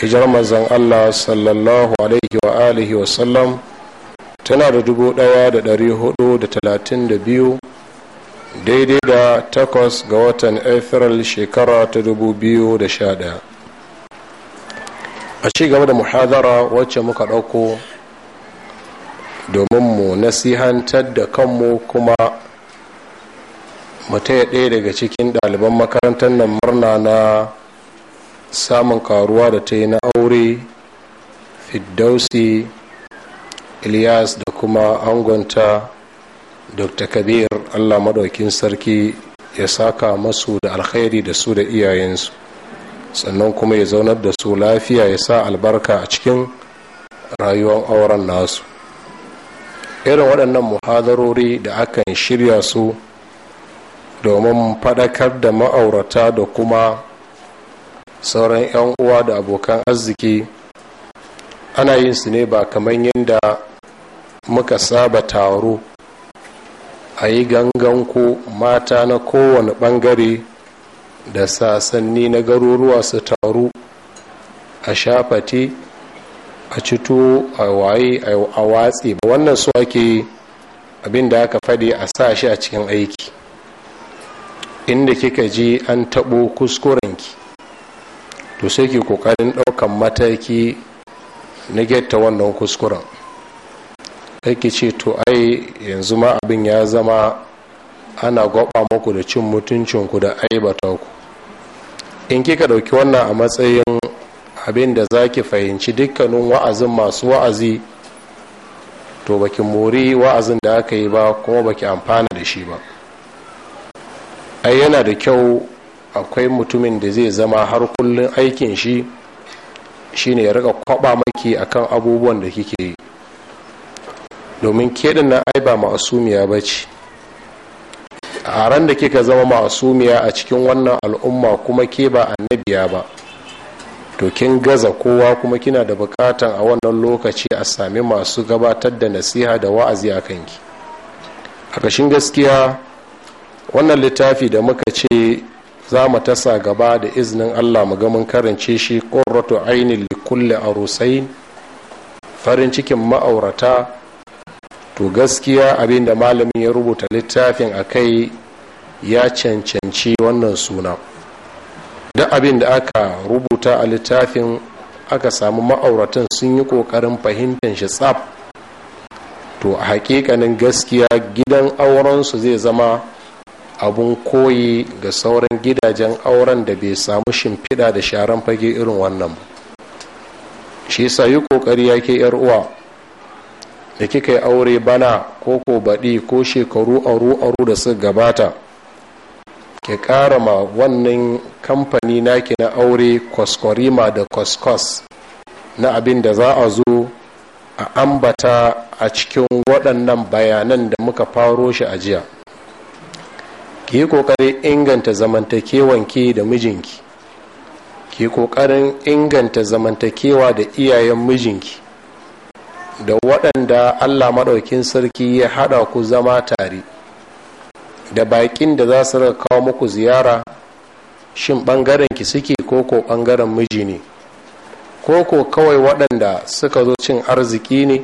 hijar manzan allah sallallahu alaihi wa alihi wa sallam tana da dubu ɗaya da dari hudu da talatin da biyu daidai da takwas ga watan april shekara ta dubu biyu da sha daya a ci gaba da muhadara wacce muka ɗauko domin mu nasihantar da kanmu kuma mu taya ɗaya daga cikin ɗaliban makarantar nan murna na samun karuwa da ta yi na aure fiddausi ilyas da kuma angonta dr kabir allah maɗaukin sarki ya saka masu da alkhairi da su da iyayensu sannan kuma ya zaunar da su lafiya ya sa albarka a cikin rayuwar auren nasu irin waɗannan muhadarori da akan shirya su domin faɗakar da ma'aurata da kuma sauran 'yan uwa da abokan arziki ana yin su ne ba kamar yadda muka saba taro a yi gangan ko mata na kowane bangare da sasanni na garuruwa su taru a shafati a cito a waye a watsi ba wannan su ake abin da aka faɗi a sa shi a cikin aiki inda kika ji an taɓo kuskurenki to sai ke kokarin daukan mataki na getta wannan kuskuren ke ce to ai yanzu ma abin ya zama ana gwaba muku da cin mutuncinku da aibata ku in kika dauki wannan a matsayin abin da za ki fahimci dukkanin wa'azin masu wa'azi to baki mori wa'azin da aka yi ba kuma baki amfana da shi ba ai yana da kyau akwai mutumin da zai zama har kullum aikin shi shine ya rika kwaba maki akan abubuwan da kike yi domin keɗin na ai ba ma'asumiya ba ce a ran da kika zama ma'asumiya a cikin wannan al'umma kuma ke ba annabiya ba to kin gaza kowa kuma kina da bukatan a wannan lokaci a sami masu gabatar da nasiha da wa'azi a kanki a ƙashin gaskiya wannan littafi da muka ce za mu tasa gaba da izinin allah mu ga karance shi ƙorratu ainihin likulle a rusain farin cikin ma'aurata to gaskiya abinda malamin ya rubuta littafin a kai ya cancanci wannan suna da abinda aka rubuta a littafin aka samu ma'auratan sun yi ƙoƙarin fahimtar shi tsaf to a hakikanin gaskiya gidan aurensu zai zama abun koyi ga sauran gidajen auren da bai samu shimfiɗa da sharan fage irin wannan ba shi yasa yi kokari ya ke uwa da kika yi aure bana ko ko baɗi ko shekaru aru aru da suka gabata ki ƙara ma wannan kamfani naki na aure kwaskwarima da kwaskwas na abin da za a zo a ambata a cikin waɗannan bayanan da muka faro shi a jiya ki yi ƙoƙarin inganta zamantakewanki da mijinki ki yi ƙoƙarin inganta zamantakewa da iyayen mijinki da waɗanda allah maɗaukin sarki ya haɗa ku zama tare da baƙin da za su raka kawo muku ziyara shin ɓangaren ki suke koko ɓangaren miji ne koko kawai waɗanda suka zo cin arziki ne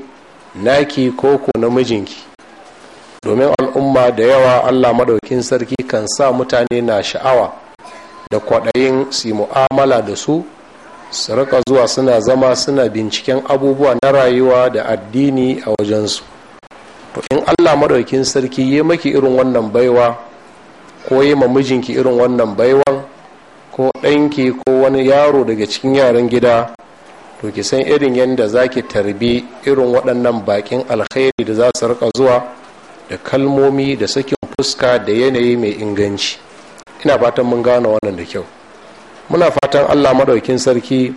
naki koko na mijinki domin al'umma da yawa allah maɗaukin sarki kan sa mutane na sha'awa da kwaɗayin su mu'amala da su su rika zuwa suna zama suna binciken abubuwa na rayuwa da addini a wajensu to in allah maɗaukin sarki yi maki irin wannan baiwa ko yi ma mijinki irin wannan baiwan ko ɗanki ko wani yaro daga cikin yaran gida to ki san irin yadda za ki tarbi irin waɗannan bakin alkhairi da za su rika zuwa da kalmomi da sakin fuska da yanayi mai inganci ina fatan mun gane wannan da kyau muna fatan allah maɗaukin sarki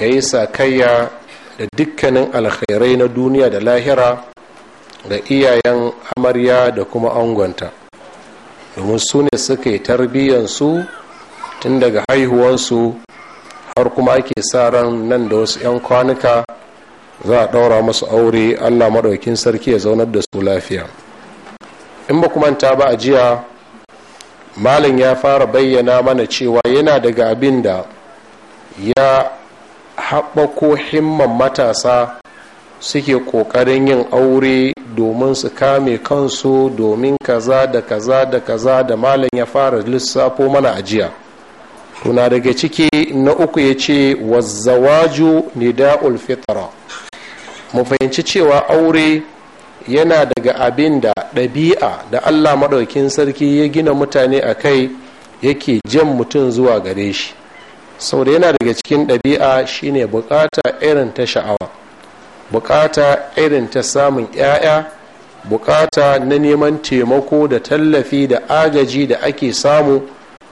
ya yi sakayya da dukkanin alkhairai na duniya da lahira ga iyayen amarya da kuma angonta domin su ne suka yi tarbiyyansu tun daga haihuwansu har kuma ake sa ran nan da wasu 'yan kwanuka za a ɗaura masu aure allah maɗaukin sarki ya zaunar da su lafiya in ba manta ba a jiya malin ya fara bayyana mana cewa yana daga abin da ya haɓako himman matasa suke ƙoƙarin yin aure domin su kame kansu domin kaza da kaza da kaza da malin ya fara lissafo mana a jiya tuna daga ciki na uku ya ce wazzawaju da'ul fitra mu fahimci cewa aure yana daga abin da ɗabi'a da allah maɗaukin sarki ya gina mutane a kai yake jan mutum zuwa gare shi saboda yana daga cikin ɗabi'a shine bukata irin ta sha'awa buƙata irin ta samun 'ya'ya buƙata na neman taimako da tallafi da agaji da ake samu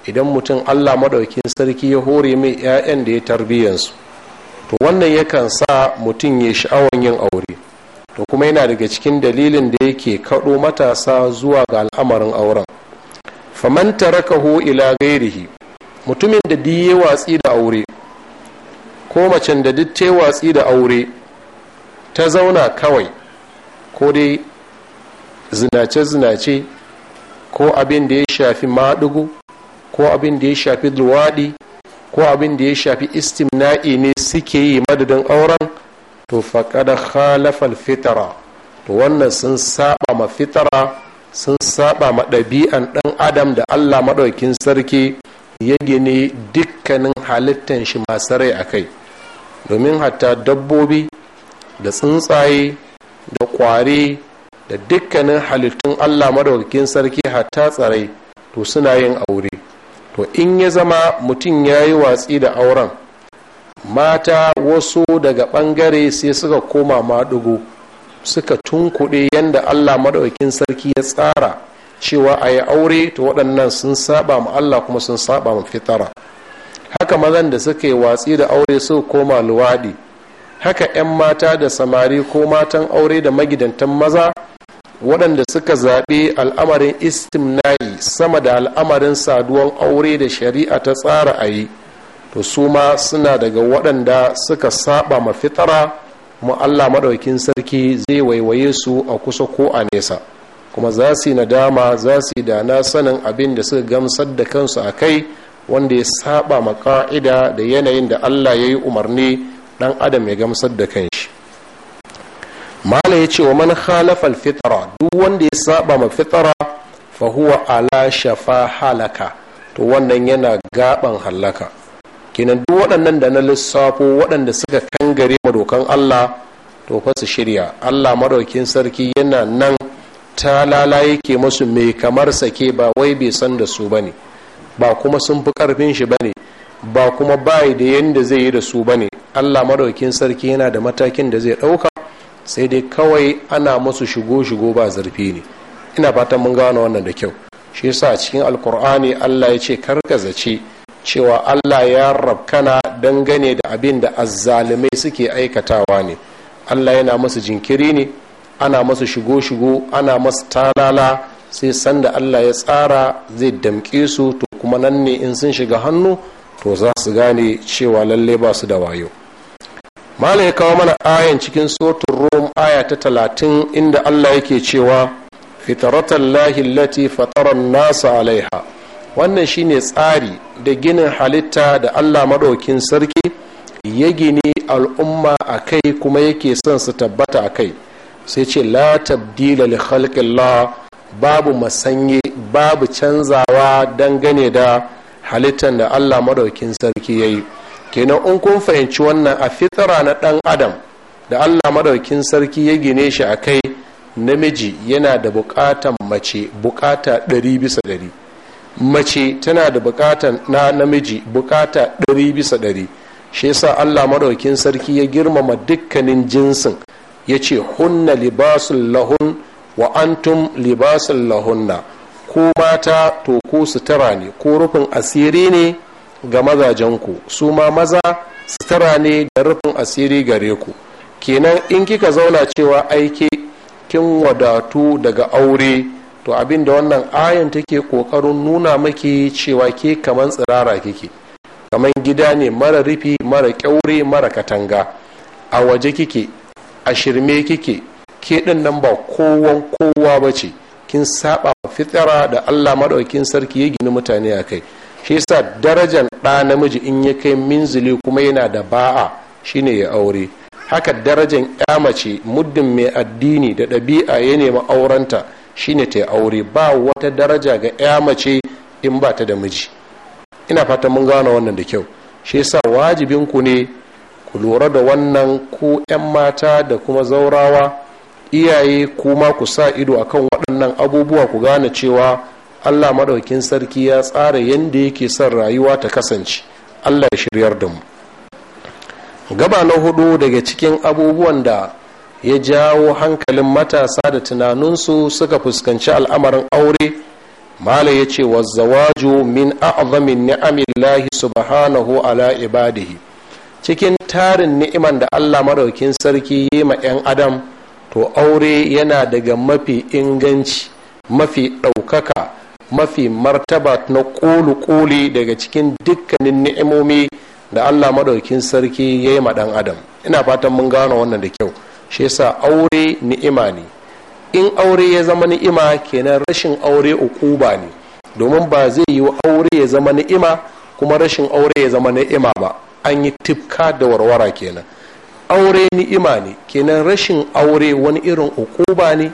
idan mutum allah maɗaukin sarki ya hore mai 'ya'yan da ya tarbiyyansu to wannan yakan sa mutum ya sha'awan yin aure da kuma yana daga cikin dalilin da yake kaɗo matasa zuwa ga al'amarin auren faman tarakahu ila gairihi mutumin da diye watsi da aure ko macen da duk watsi da aure ta zauna kawai ko dai zinace-zinace ko abin da ya shafi maɗugu ko abin da ya shafi luwaɗi ko abin da ya shafi istimna'i ne suke yi madadin auren to faƙada khalafal fitara to wannan sun saba ma fitara sun saba ma ɗabi'an ɗan adam da allah maɗaukin sarki ya gini dukkanin halittan shi masu rai a kai domin hatta dabbobi da tsuntsaye da ƙwari da dukkanin halittun allah maɗaukin sarki hatta tsarai to suna yin aure to in ya zama mutum ya yi watsi da auren mata wasu daga bangare sai suka koma maɗugu suka tunkuɗe yadda allah maɗaukin sarki ya tsara cewa a yi aure to waɗannan sun saba ma allah kuma sun saba ma fitara haka mazan da suka yi watsi da aure suka koma luwaɗi haka 'yan mata da samari ko matan aure da magidantan maza waɗanda suka zaɓi al'amarin istimna'i sama da al'amarin saduwan aure da shari'a ta tsara a yi to su ma suna daga waɗanda suka saba ma fitara mu allah maɗaukin sarki zai waiwaye su a kusa ko a nesa kuma za su yi nadama za su yi dana sanin abin da suka gamsar da kansu a kai wanda ya saba ma ka'ida da yanayin da allah ya yi umarni ɗan adam ya gamsar da kanshi mala ya ce wa man khalafa fitara duk wanda ya saba ma fitara fa huwa ala shafa halaka to wannan yana gaban halaka kenan duk waɗannan da na lissafo waɗanda suka kangare madokan allah to fa su shirya allah madaukin sarki yana nan ta lala yake musu mai kamar sake ba wai bai san da su bane ba kuma sun fi karfin shi bane ba kuma bai da yadda zai yi da su bane allah madaukin sarki yana da matakin da zai ɗauka sai dai kawai ana musu shigo shigo ba zurfi ne ina fatan mun gano wannan da kyau shi yasa cikin alkur'ani allah ya ce karka zace cewa allah ya rabkana dangane da abin da azzalumai suke aikatawa ne allah yana masu jinkiri ne ana masu shigo-shigo ana masu talala sai sanda allah ya tsara zai damƙe su to kuma nan ne in sun shiga hannu to za su gane cewa lalle ba su da wayo mala ya kawo mana ayan cikin sotun rom aya ta talatin inda allah yake cewa fitaratallahi lati fataran nasa alaiha wannan shine tsari da ginin halitta da allah maɗaukin sarki ya gini al'umma a kai kuma yake son su tabbata a kai sai ce la tabdila li khalqillah babu masanye babu canzawa dangane da halittan da allah maɗaukin sarki ya yi kenan in kun fahimci wannan a fitara na ɗan adam da allah maɗaukin sarki ya gine shi a kai namiji yana da bukatan mace buƙata ɗari bisa ɗari mace tana da bukatan na namiji bukata ɗari bisa ɗari shi yasa allah maɗaukin sarki ya girmama dukkanin jinsin ya ce hunna libasun lahun wa antum libasun lahunna ko mata to ko sutura ne ko rufin asiri ne ga mazajenku su ma maza sutura ne da rufin asiri gare ku kenan in kika zauna cewa aiki kin wadatu daga aure to abin da wannan ayan take kokarin nuna maki cewa ke kamar tsirara kike kamar gida ne mara rufi mara kyaure mara katanga a waje kike a shirme kike ke din nan ba kowan kowa ba ce kin saba fitara da allah maɗaukin sarki ya gini mutane a kai shi yasa darajar ɗa namiji in ya kai minzili kuma yana da ba'a shine ya aure haka darajar ya mace muddin mai addini da ɗabi'a ya nemi aurenta shine ta aure ba wata daraja ga ya mace in ba ta da miji ina fata mun gane wannan da kyau shi yasa wajibin ku ne ku lura da wannan ku 'yan mata da kuma zaurawa iyaye kuma ku sa ido akan waɗannan abubuwa ku gane cewa allah maɗaukin sarki ya tsara yadda yake son rayuwa ta kasance allah ya shiryar da mu gaba na hudu daga cikin abubuwan da ya jawo hankalin matasa da tunaninsu suka fuskanci al'amarin aure mala ya ce wa zawaju min a'zamin ni'amillahi subhanahu ala ibadihi cikin tarin ni'iman da allah maɗaukin sarki yi ma 'yan adam to aure yana daga mafi inganci mafi ɗaukaka mafi martaba na ƙuli ƙuli daga cikin dukkanin ni'imomi da allah maɗaukin sarki ya yi ma ɗan adam ina fatan mun gano wannan da kyau shi yasa aure ni'ima ne in aure ya zama ni'ima kenan rashin aure ukuba ne domin ba zai yi aure ya zama ni'ima kuma rashin aure ya zama ni'ima ba an yi tifka da warwara kenan aure ni'ima ne kenan rashin aure wani irin ukuba ne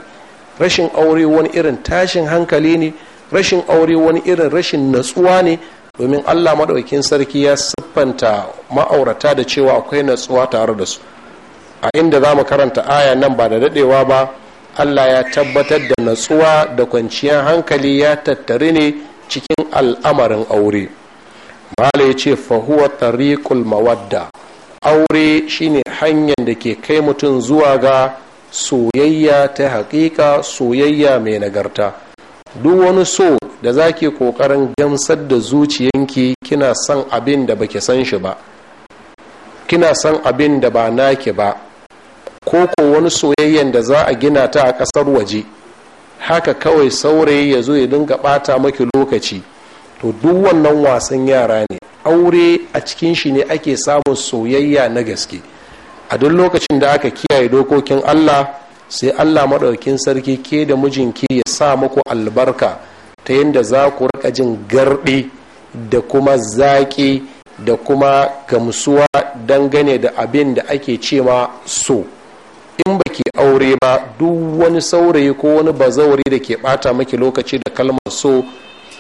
rashin aure wani irin tashin hankali ne rashin aure wani irin rashin natsuwa ne domin allah maɗaukin sarki ya siffanta ma'aurata da cewa akwai natsuwa tare da su a inda za mu karanta aya nan ba da daɗewa ba allah ya tabbatar da natsuwa da kwanciyar hankali ya tattari ne cikin al'amarin aure bala ya ce fahuwa tariqul mawadda aure shine hanyar da ke kai mutum zuwa ga soyayya ta haƙiƙa soyayya mai nagarta duk wani so da za zaki ƙoƙarin gamsar da zuciyanki kina son abin da baki san shi ba kina son abin da ba naki ba ko ko wani soyayyen da za a gina ta a ƙasar waje haka kawai saurayi ya zo ya dinga ɓata maki lokaci to duk wannan wasan yara ne aure a cikin shi ne ake samun soyayya na gaske a duk lokacin da aka kiyaye dokokin allah sai allah maɗaukin sarki ke da mijinki ya sa muku albarka ta yadda za ku rika jin garɗi da kuma zaƙi da kuma gamsuwa dangane da abin da ake cewa so in ba ke aure ba duk wani saurayi ko wani bazawari da ke bata maki lokaci da kalmar so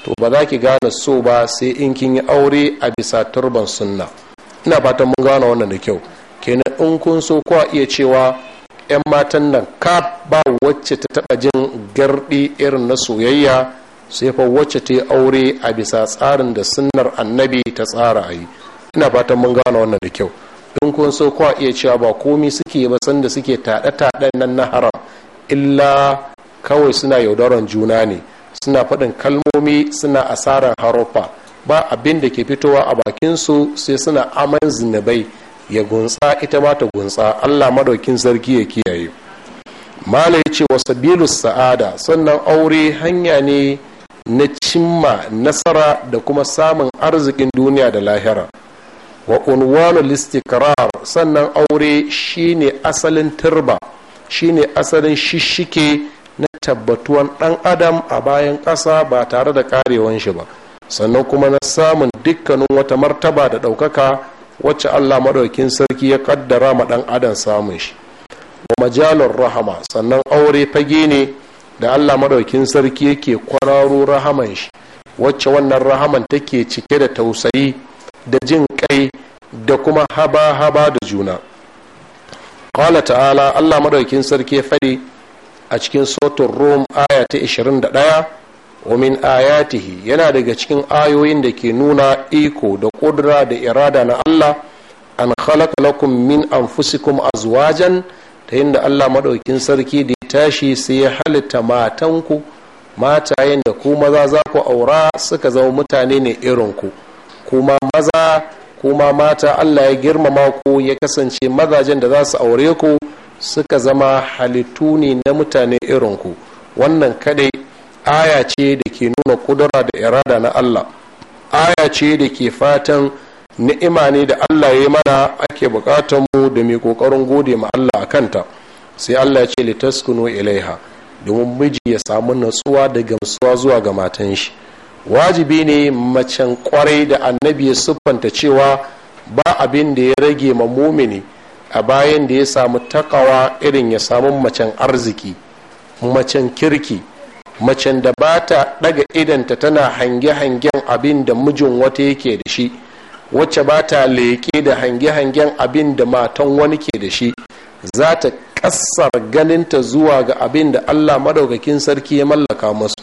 to ba za ki gane so ba sai in kin yi aure a bisa turban sunna ina fatan mun gane wannan da kyau kenan in kun so kuwa iya cewa 'yan matan nan ka ba wacce ta taba jin gardi irin na soyayya sai fa wacce ta yi aure a bisa tsarin da sunnar annabi ta tsara a yi ina fatan mun gane wannan da kyau in kun so kwa iya cewa ba komi suke ba sanda suke taɗe-taɗen nan na haram illa kawai suna yaudaran juna ne suna faɗin kalmomi suna asarar haruffa ba abin da ke fitowa a bakinsu sai suna aman zinabai ya gunsa ita ma ta gunsa allah madaukin sarki ya kiyaye mala ya ce wasu bilus sa'ada sannan aure hanya ne na cimma nasara da kuma samun arzikin duniya da lahira wa unwanul istikrar sannan aure shine asalin turba shine asalin shishike na tabbatuwan dan adam a bayan ƙasa ba tare da karewan shi ba sannan kuma na samun dukkanin wata martaba da ɗaukaka wacce allah maɗaukin sarki ya ƙaddara ma ɗan adam samun shi wa majalon rahama sannan aure fage ne da allah maɗaukin sarki yake kwararo rahaman shi wacce wannan rahaman take cike da tausayi da jin kai da kuma haba-haba da juna ƙwala ta'ala allah madaukin sarki faɗi a cikin sautin rom aya ta 21 omin ayatihi yana daga cikin ayoyin da ke nuna iko da ƙudura da irada na allah an khalaqa lakum min anfusikum azwajan ta yin da allah madaukin sarki da ya tashi sai ya halitta matanku matayen da ku maza za ku aura suka zama mutane ne irinku ku kuma maza kuma mata allah ya girmama ku ya kasance mazajen da za su aure ku suka zama halittu ne na mutane irinku wannan kadai aya ce da ke nuna kudura da irada na allah aya ce da ke fatan ni'ima ne da allah ya mana ake mu da mai kokarin gode ma allah a kanta sai allah ya ce litaskuno ilaiha domin miji ya samu natsuwa da gamsuwa zuwa ga matan shi wajibi ne macen kwarai da annabi ya siffanta cewa ba abin da ya rage ma mumini a bayan da ya samu takawa irin ya samu macen arziki macen kirki macen da ba ta daga idanta tana hange-hangen abin da mijin wata yake da shi wacce ba ta leƙe da hange-hangen abin da matan wani ke da shi za ta ƙasar ganinta zuwa ga abin da allah madaukakin sarki ya mallaka masu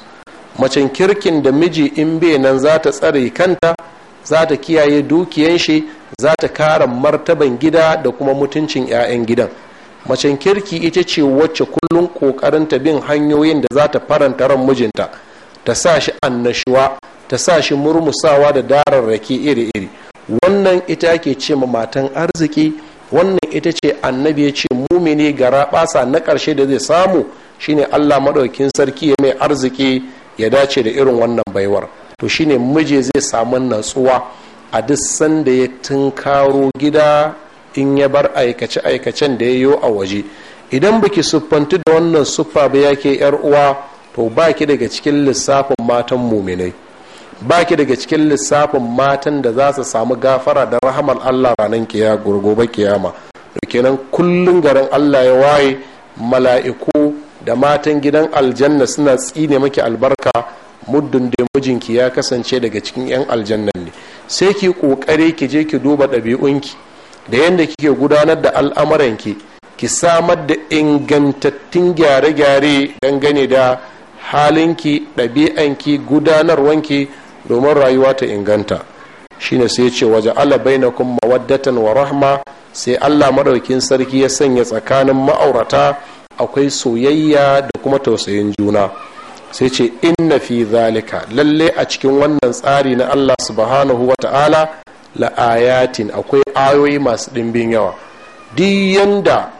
macen kirkin da miji in bai nan za ta tsare kanta za ta kiyaye dukiyan shi za ta kara martaban gida da kuma mutuncin 'ya'yan gidan macen kirki ita ce wacce kullum kokarin ta bin hanyoyin da za ta faranta ran mijinta ta sa shi annashuwa ta sa shi murmusawa da dararraki iri-iri wannan ita ke ce ma matan arziki wannan ita ce annabi ya ce mumini gara basa na ƙarshe da zai samu shine allah maɗaukin sarki ya mai arziki ya dace da irin wannan baiwar to shine miji zai samu natsuwa a duk sanda ya tunkaro gida in ya bar aikace-aikacen da ya yi a waje idan baki siffantu da wannan siffa ba yake yar uwa to baki daga cikin lissafin matan muminai baki daga cikin lissafin matan da za su samu gafara da rahaman allah ranar kiya gurgobe kiyama da kenan kullum garin allah ya waye mala'iku da matan gidan aljanna suna tsine maki albarka muddin da mijinki ya kasance daga cikin 'yan aljannan ne sai ki kokare ki je ki duba ɗabi'unki da yadda kike gudanar da al'amuranki ki samar da ingantattun gyare-gyare dangane da halinki ɗabi'anki gudanarwanki domin rayuwa ta inganta shine sai ce waje ala bainakum mawaddatan wa rahma sai allah maɗaukin sarki ya sanya tsakanin ma'aurata akwai soyayya da kuma tausayin juna sai ce inna fi zalika lalle a cikin wannan tsari na allah subhanahu wa ta'ala la'ayatin akwai ayoyi masu ɗimbin yawa duk yanda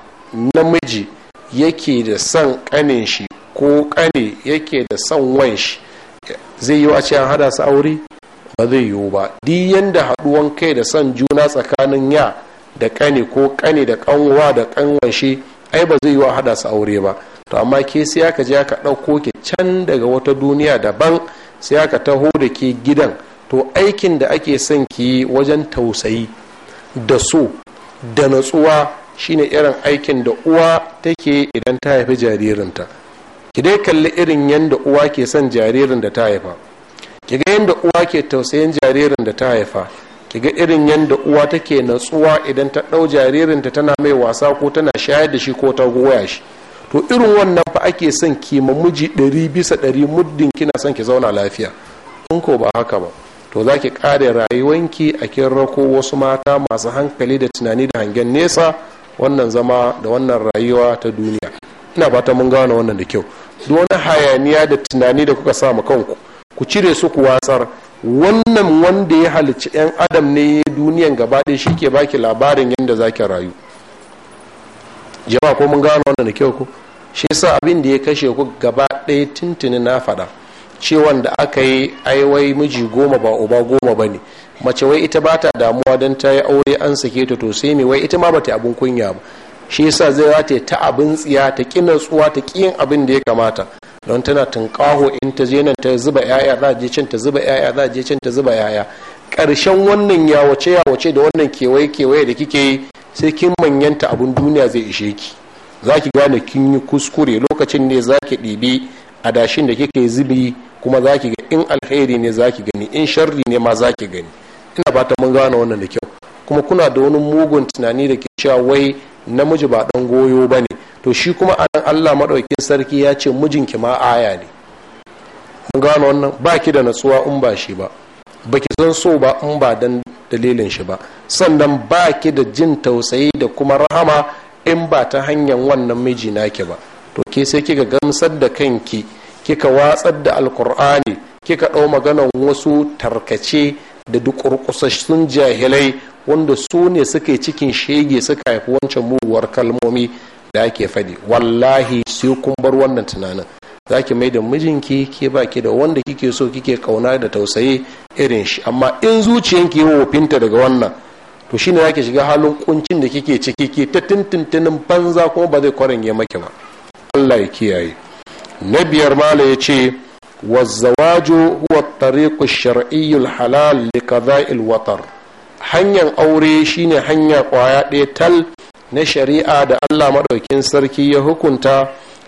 namiji yake da son ƙanin shi ko ƙane yake da son wan shi zai yi a ce an hada su aure ba zai yiwu ba duk yanda haɗuwan kai da son juna tsakanin ya da ƙane ko ƙane da ƙanwa da ƙanwan shi ai ba zai yi wa hada su aure ba to amma ke sai aka je ka ɗauko ke can daga wata duniya daban sai ka taho da ke gidan to aikin da ake son ki yi wajen tausayi da so da natsuwa shine irin aikin da uwa take idan ta haifi jaririnta ki dai kalli irin yadda uwa ke son jaririn da ta haifa ki ga yadda uwa ke tausayin jaririn da ta haifa ga irin yadda uwa take natsuwa idan ta ɗau jaririnta tana mai wasa ko tana shayar da shi ko ta goya shi to irin wannan fa ake son kima miji ɗari bisa ɗari muddin kina son ki zauna lafiya in ko ba haka ba to za ki ƙare rayuwanki a kin rako wasu mata masu hankali da tunani da hangen nesa wannan zama da wannan rayuwa ta duniya ina fata mun gano wannan da kyau duk wani hayaniya da tunani da kuka sa ma kanku ku cire su ku watsar wannan wanda ya halicci 'yan adam ne duniyan gaba ɗaya shi ke baki labarin yadda za ki rayu jama'a ko mun gano wannan da kyau ku shi sa abin da ya kashe ku gaba ɗaya tuntuni na faɗa cewan da aka yi aiwai miji goma ba uba goma ba ne mace wai ita ba ta damuwa don ta yi aure an sake ta to sai me wai ita ma ba ta abin kunya ba shi yasa zai rataye ta ta abin tsiya ta ƙi natsuwa ta ƙi yin abin da ya kamata don tana tunƙaho in ta je nan ta zuba yaya za je can ta zuba yaya za je can ta zuba yaya ƙarshen wannan yawace yawace da wannan kewaye kewaye da kike yi sai kin manyanta abun duniya zai ishe ki za gane kin yi kuskure lokacin ne za ki ɗibi adashin da kike zubi kuma za ki ga in alheri ne za ki gani in sharri ne ma za ki gani ina fata mun gane wannan da kyau kuma kuna da wani mugun tunani da ke cewa wai namiji ba ɗan goyo ba ne to shi kuma anan allah maɗaukin sarki ya ce mijinki ma aya ne mun gano wannan ba ki da natsuwa in ba shi ba ba ki san so ba in ba dan dalilin shi ba sannan ba ki da jin tausayi da kuma rahama in ba ta hanyar wannan miji naki ba to ke sai kika gamsar da kanki kika watsar da alkur'ani kika ɗau maganan wasu tarkace da duk jahilai wanda su ne suka yi cikin shege suka haifi wancan muguwar kalmomi da ake faɗi wallahi sai kun bar wannan tunanin za ki mai da mijinki ke ba ki da wanda kike so kike kauna da tausayi irin shi amma in zuciyanki yi wofinta daga wannan to shine za ki shiga halin kuncin da kike ciki ke ta tintintinin banza kuma ba zai kwarange maki ba allah ya kiyaye na biyar mala ya ce wazzawaju huwa tariku shar'iyyu halal li watar hanyar aure shine hanya kwaya ɗaya tal na shari'a da allah maɗaukin sarki ya hukunta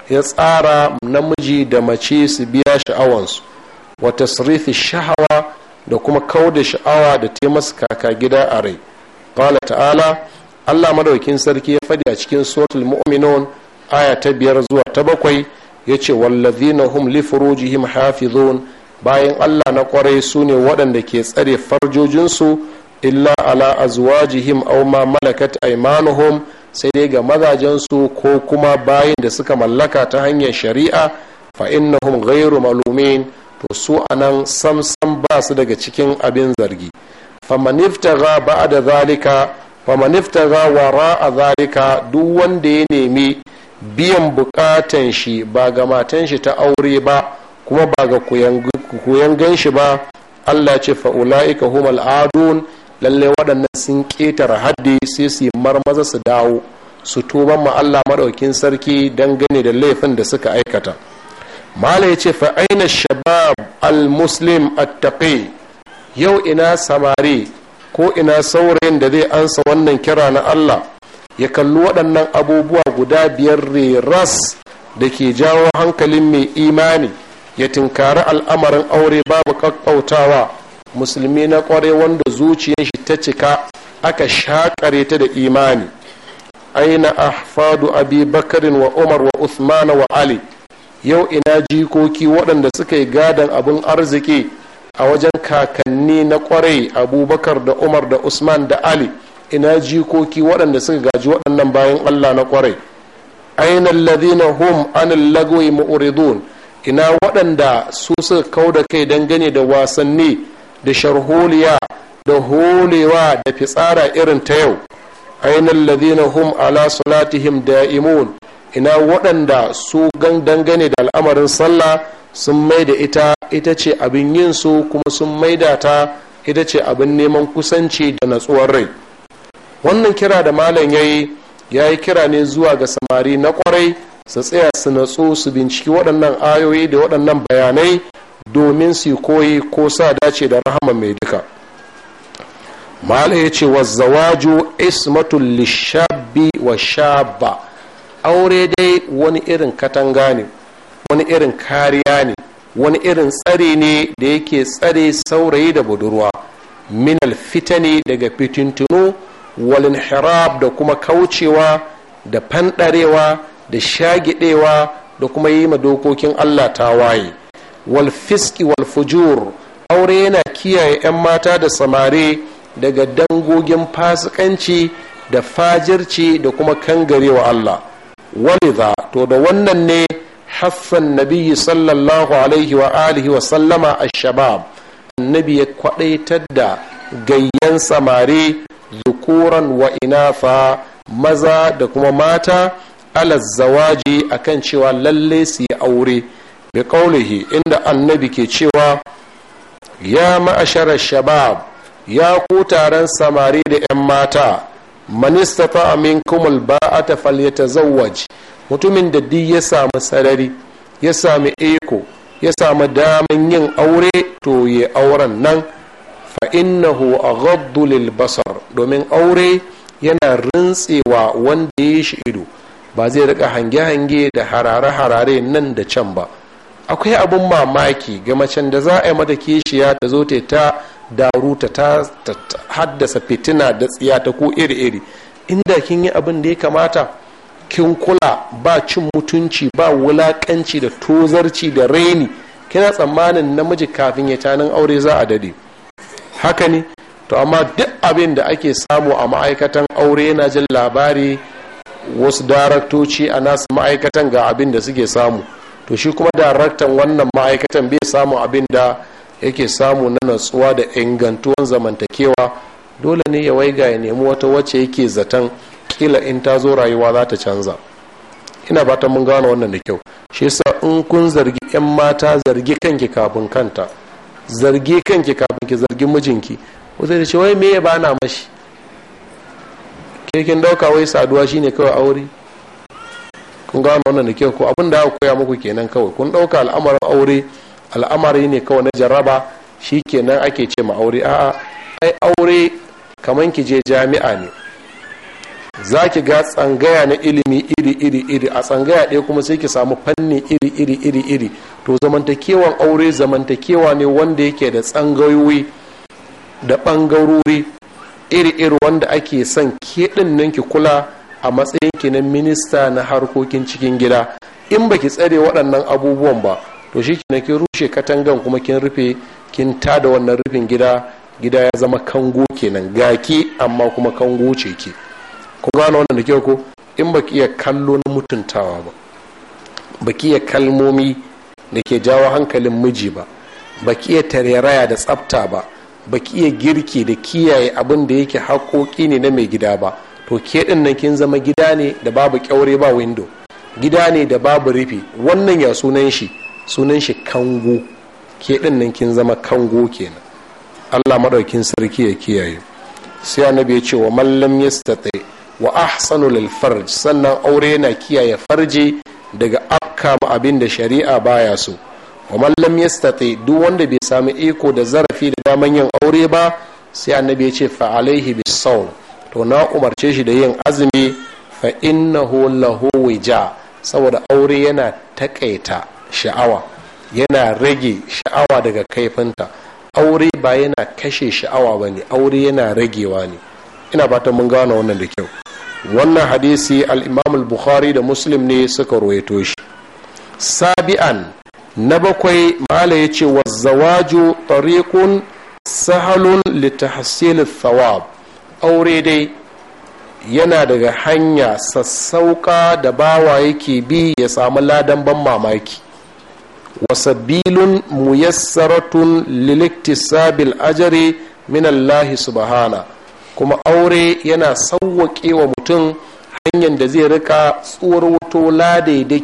ya tsara namiji da mace su biya sha'awansu wata tasrifi shahawa da kuma kauda sha'awa da taimas kaka gida a rai ƙwala ta'ala allah maɗaukin sarki ya faɗi a cikin suratul mu'minun aya ta biyar zuwa ta bakwai ya ce wallazina hum li furujihim hafizun bayan allah na kwarai su ne waɗanda ke tsare farjojinsu illa ala azwajihim aw ma malakat aymanuhum sai dai ga mazajensu ko kuma bayin da suka mallaka ta hanyar shari'a fa innahum ghairu malumin to su anan samsam ba su daga cikin abin zargi faman iftagha ba'da zalika Fa faman iftagha wara'a zalika duk wanda ya nemi biyan bukatan shi ba ga matan shi ta aure ba kuma ba ga koyan ganshi ba Allah ce fa ulaika humal adun lalle waɗannan sun ƙetare haddi sai su yi marmaza su dawo su tuban ma Allah maɗaukin sarki dangane da laifin da suka aikata mala ya ce fa shabab al-muslim attaqi yau ina samari ko ina saurayin da zai ansa wannan kira na Allah ya kalli waɗannan abubuwa guda biyar ras da ke jawo hankalin mai imani ya tinkari al'amarin aure babu ƙaƙƙautawa musulmi na kware wanda zuciyar shi ta cika aka shakare ta da imani aina ahfadu abi bakarin wa umar wa uthman wa ali yau ina jikoki waɗanda suka yi gadon abun arziki a wajen kakanni na kwarai abubakar da umar da usman da ali ina jikoki waɗanda suka gaji waɗannan bayan allah na kwarai aina alladhina hum anil lagwi mu'ridun ina waɗanda su suka kau da kai dangane da wasanni da sharhuliya da holewa da fitsara irin ta yau ainihin ladina hum ala salatihim da'imun ina waɗanda su gan dangane da al'amarin sallah sun maida ita ita ce abin yin su kuma sun maida ta ita ce abin neman kusanci da natsuwar rai wannan kira da malam ya yi ya yi kira ne zuwa ga samari na kwarai su tsaya su natsu su binciki waɗannan ayoyi da waɗannan bayanai domin su koyi ko sa dace da rahama mai duka mala ya ce wazzawaju ismatul lishabbi wa shabba aure dai wani irin katanga ne wani irin kariya ne wani irin tsare ne da yake tsare saurayi da budurwa minal ne daga fitintunu walin harab da kuma kaucewa da fanɗarewa da shagidewa da kuma yi ma dokokin allah waye. wal fiski aure yana kiyaye 'yan mata da samare daga dangogin fasikanci da fajirci da kuma kangarewa Allah walidha to da wannan ne hassan nabiyyi sallallahu alaihi wa alihi wa sallama a shabab annabi ya kwadaitar da gayyan samare zukuran wa inafa maza da kuma mata alazzawaji akan cewa lalle su yi aure bi qawlihi inda annabi ke cewa ya ma'asharar shabab ya ku taron samari da 'yan mata manista ta amin kumul ba'ata mutumin da di ya samu sarari ya sami eko ya samu daman yin aure to ya auren nan fa innahu a lil basar domin aure yana rintsewa wanda ya shi ido ba zai rika hange-hange da harare-harare nan da can ba akwai abin mamaki ga macen da za a yi mata kishiya ta zo ta ta daru ta haddasa fitina da tsiya ta ko iri-iri inda kin yi abin da ya kamata kin kula ba cin mutunci ba wulakanci da tozarci da raini kina tsammanin namiji kafin ya tanin aure za a dade haka ne to amma duk abin da ake samu a ma'aikatan aure yana jin labari wasu daraktoci a nasu ma'aikatan ga abin da suke samu to shi kuma daraktan wannan ma'aikatan bai samu abin da yake samu na natsuwa da ingantuwan zamantakewa dole ne ya ga ya nemi wata wacce yake zaton kila in ta zo rayuwa za ta canza ina fatan mun gano wannan da kyau shi yasa in kun zargi 'yan mata zargi kanki kafin kanta zargi kanki kafin ki zargi mijinki wata da ce wai me ya bana mashi ke kin dauka wai saduwa shine kawai aure kun gano wannan da kyau ko abin da aka koya muku kenan kawai kun ɗauka al'amarin aure al'amari ne kawai na jaraba shi kenan ake ce ma aure a'a ai aure kamar ki je jami'a ne za ki ga tsangaya na ilimi iri iri iri a tsangaya ɗaya kuma sai ki samu fanni iri iri iri iri to zamantakewan aure zamantakewa ne wanda yake da tsangayoyi da ɓangarori iri iri wanda ake son ke ɗin nan ki kula a matsayin ki na minista na harkokin cikin gida in baki tsare waɗannan abubuwan ba to shi kinan kin rushe katangan kuma kin rufe kin tada wannan rufin gida gida ya zama kango kenan gaki amma kuma kango ce ke ku gano wannan da kyau ko in baki iya kallo na mutuntawa ba baki iya kalmomi da ke jawo hankalin miji ba baki iya tareraya da tsafta ba baki iya girki da kiyaye abin da yake haƙoƙi ne na mai gida ba to ke din nan kin zama gida ne da babu kyaure ba window gida ne da babu rufi wannan ya sunan shi sunan shi kango ke din nan kin zama kango kenan Allah madaukin sarki ya kiyaye sai annabi ya ce wa mallam yastati wa ahsanu lil farj sannan aure yana kiyaye farji daga afka ma abin da shari'a baya so wa mallam yastati duk wanda bai sami iko da zarafi da daman yin aure ba sai annabi ya ce fa alaihi bis to na umarce shi da yin azumi fa innahu lahu wija saboda aure yana takaita sha'awa yana rage sha'awa daga kaifinta aure ba yana kashe sha'awa ba ne aure yana ragewa ne ina bata mun gane wannan da kyau wannan hadisi al-imam al-bukhari da muslim ne suka ruwaito shi sabi'an na bakwai mala ya ce wa zawaju tariqun sahalun li tahsil thawab aure dai yana daga hanya sassauka da bawa yake bi ya samu ladan ban mamaki wasabilun muyassaratun liliktisabil ajari min Allahi subhana kuma aure yana sauwaƙe wa mutum hanyar da zai rika tsuwar wato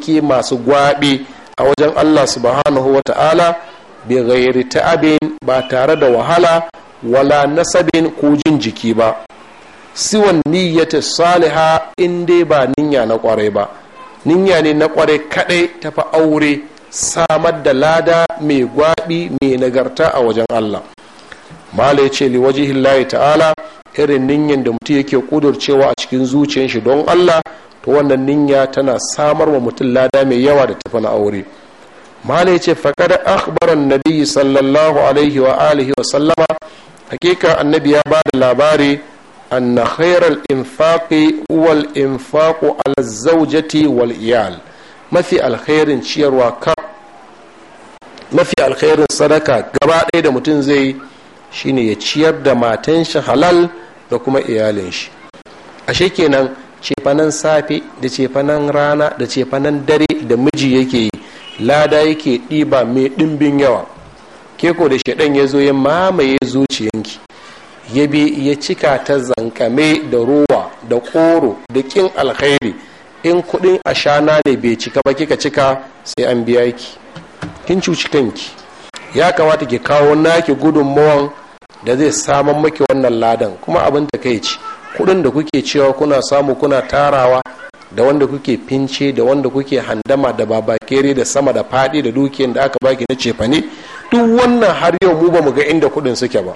ke masu gwaɓe a wajen Allah subhanahu wa ta'ala bi ta ta'abin ba tare da wahala wala nasabin ko jin jiki ba siwan niyyata saliha in dai ba ninya na kwarai ba Ninya ne na kwarai kadai fi aure samar da lada mai gwabi mai nagarta a wajen allah mala ya ce liwajihillahi ta'ala irin ninyan da mutum yake kudurcewa a cikin zuciyar shi don allah ta wannan ninya tana samar wa mutum lada mai yawa da tafi na aure mala ya ce faƙada akhbaran nabi sallallahu alaihi wa alihi wa sallama hakika annabi ya bada da labari anna khairal infaqi wal infaqu ala zawjati wal iyal mafi alkhairin ciyarwa ka mafi alkhairin sadaka gaba ɗaya da mutum zai shine ya ciyar da matan shi halal da kuma iyalin shi ashe kenan cefanen safe da cefanen rana da cefanen dare da miji yake yi lada yake ɗiba mai ɗimbin yawa ke ko da shaidan ya zo ya mamaye zuciyanki ya bi ya cika ta zankame da ruwa da koro da kin alkhairi in kudin ashana ne bai cika ba kika cika sai an biya ki kin cuci kanki ya kamata ki kawo naki gudunmawan da zai samar maki wannan ladan kuma abin ta takaici kudin da kuke cewa kuna samu kuna tarawa da wanda kuke fince da wanda kuke handama da babakere da sama da fadi da dukiyar da aka baki na cefane duk wannan har yau mu ba mu ga inda kuɗin suke ba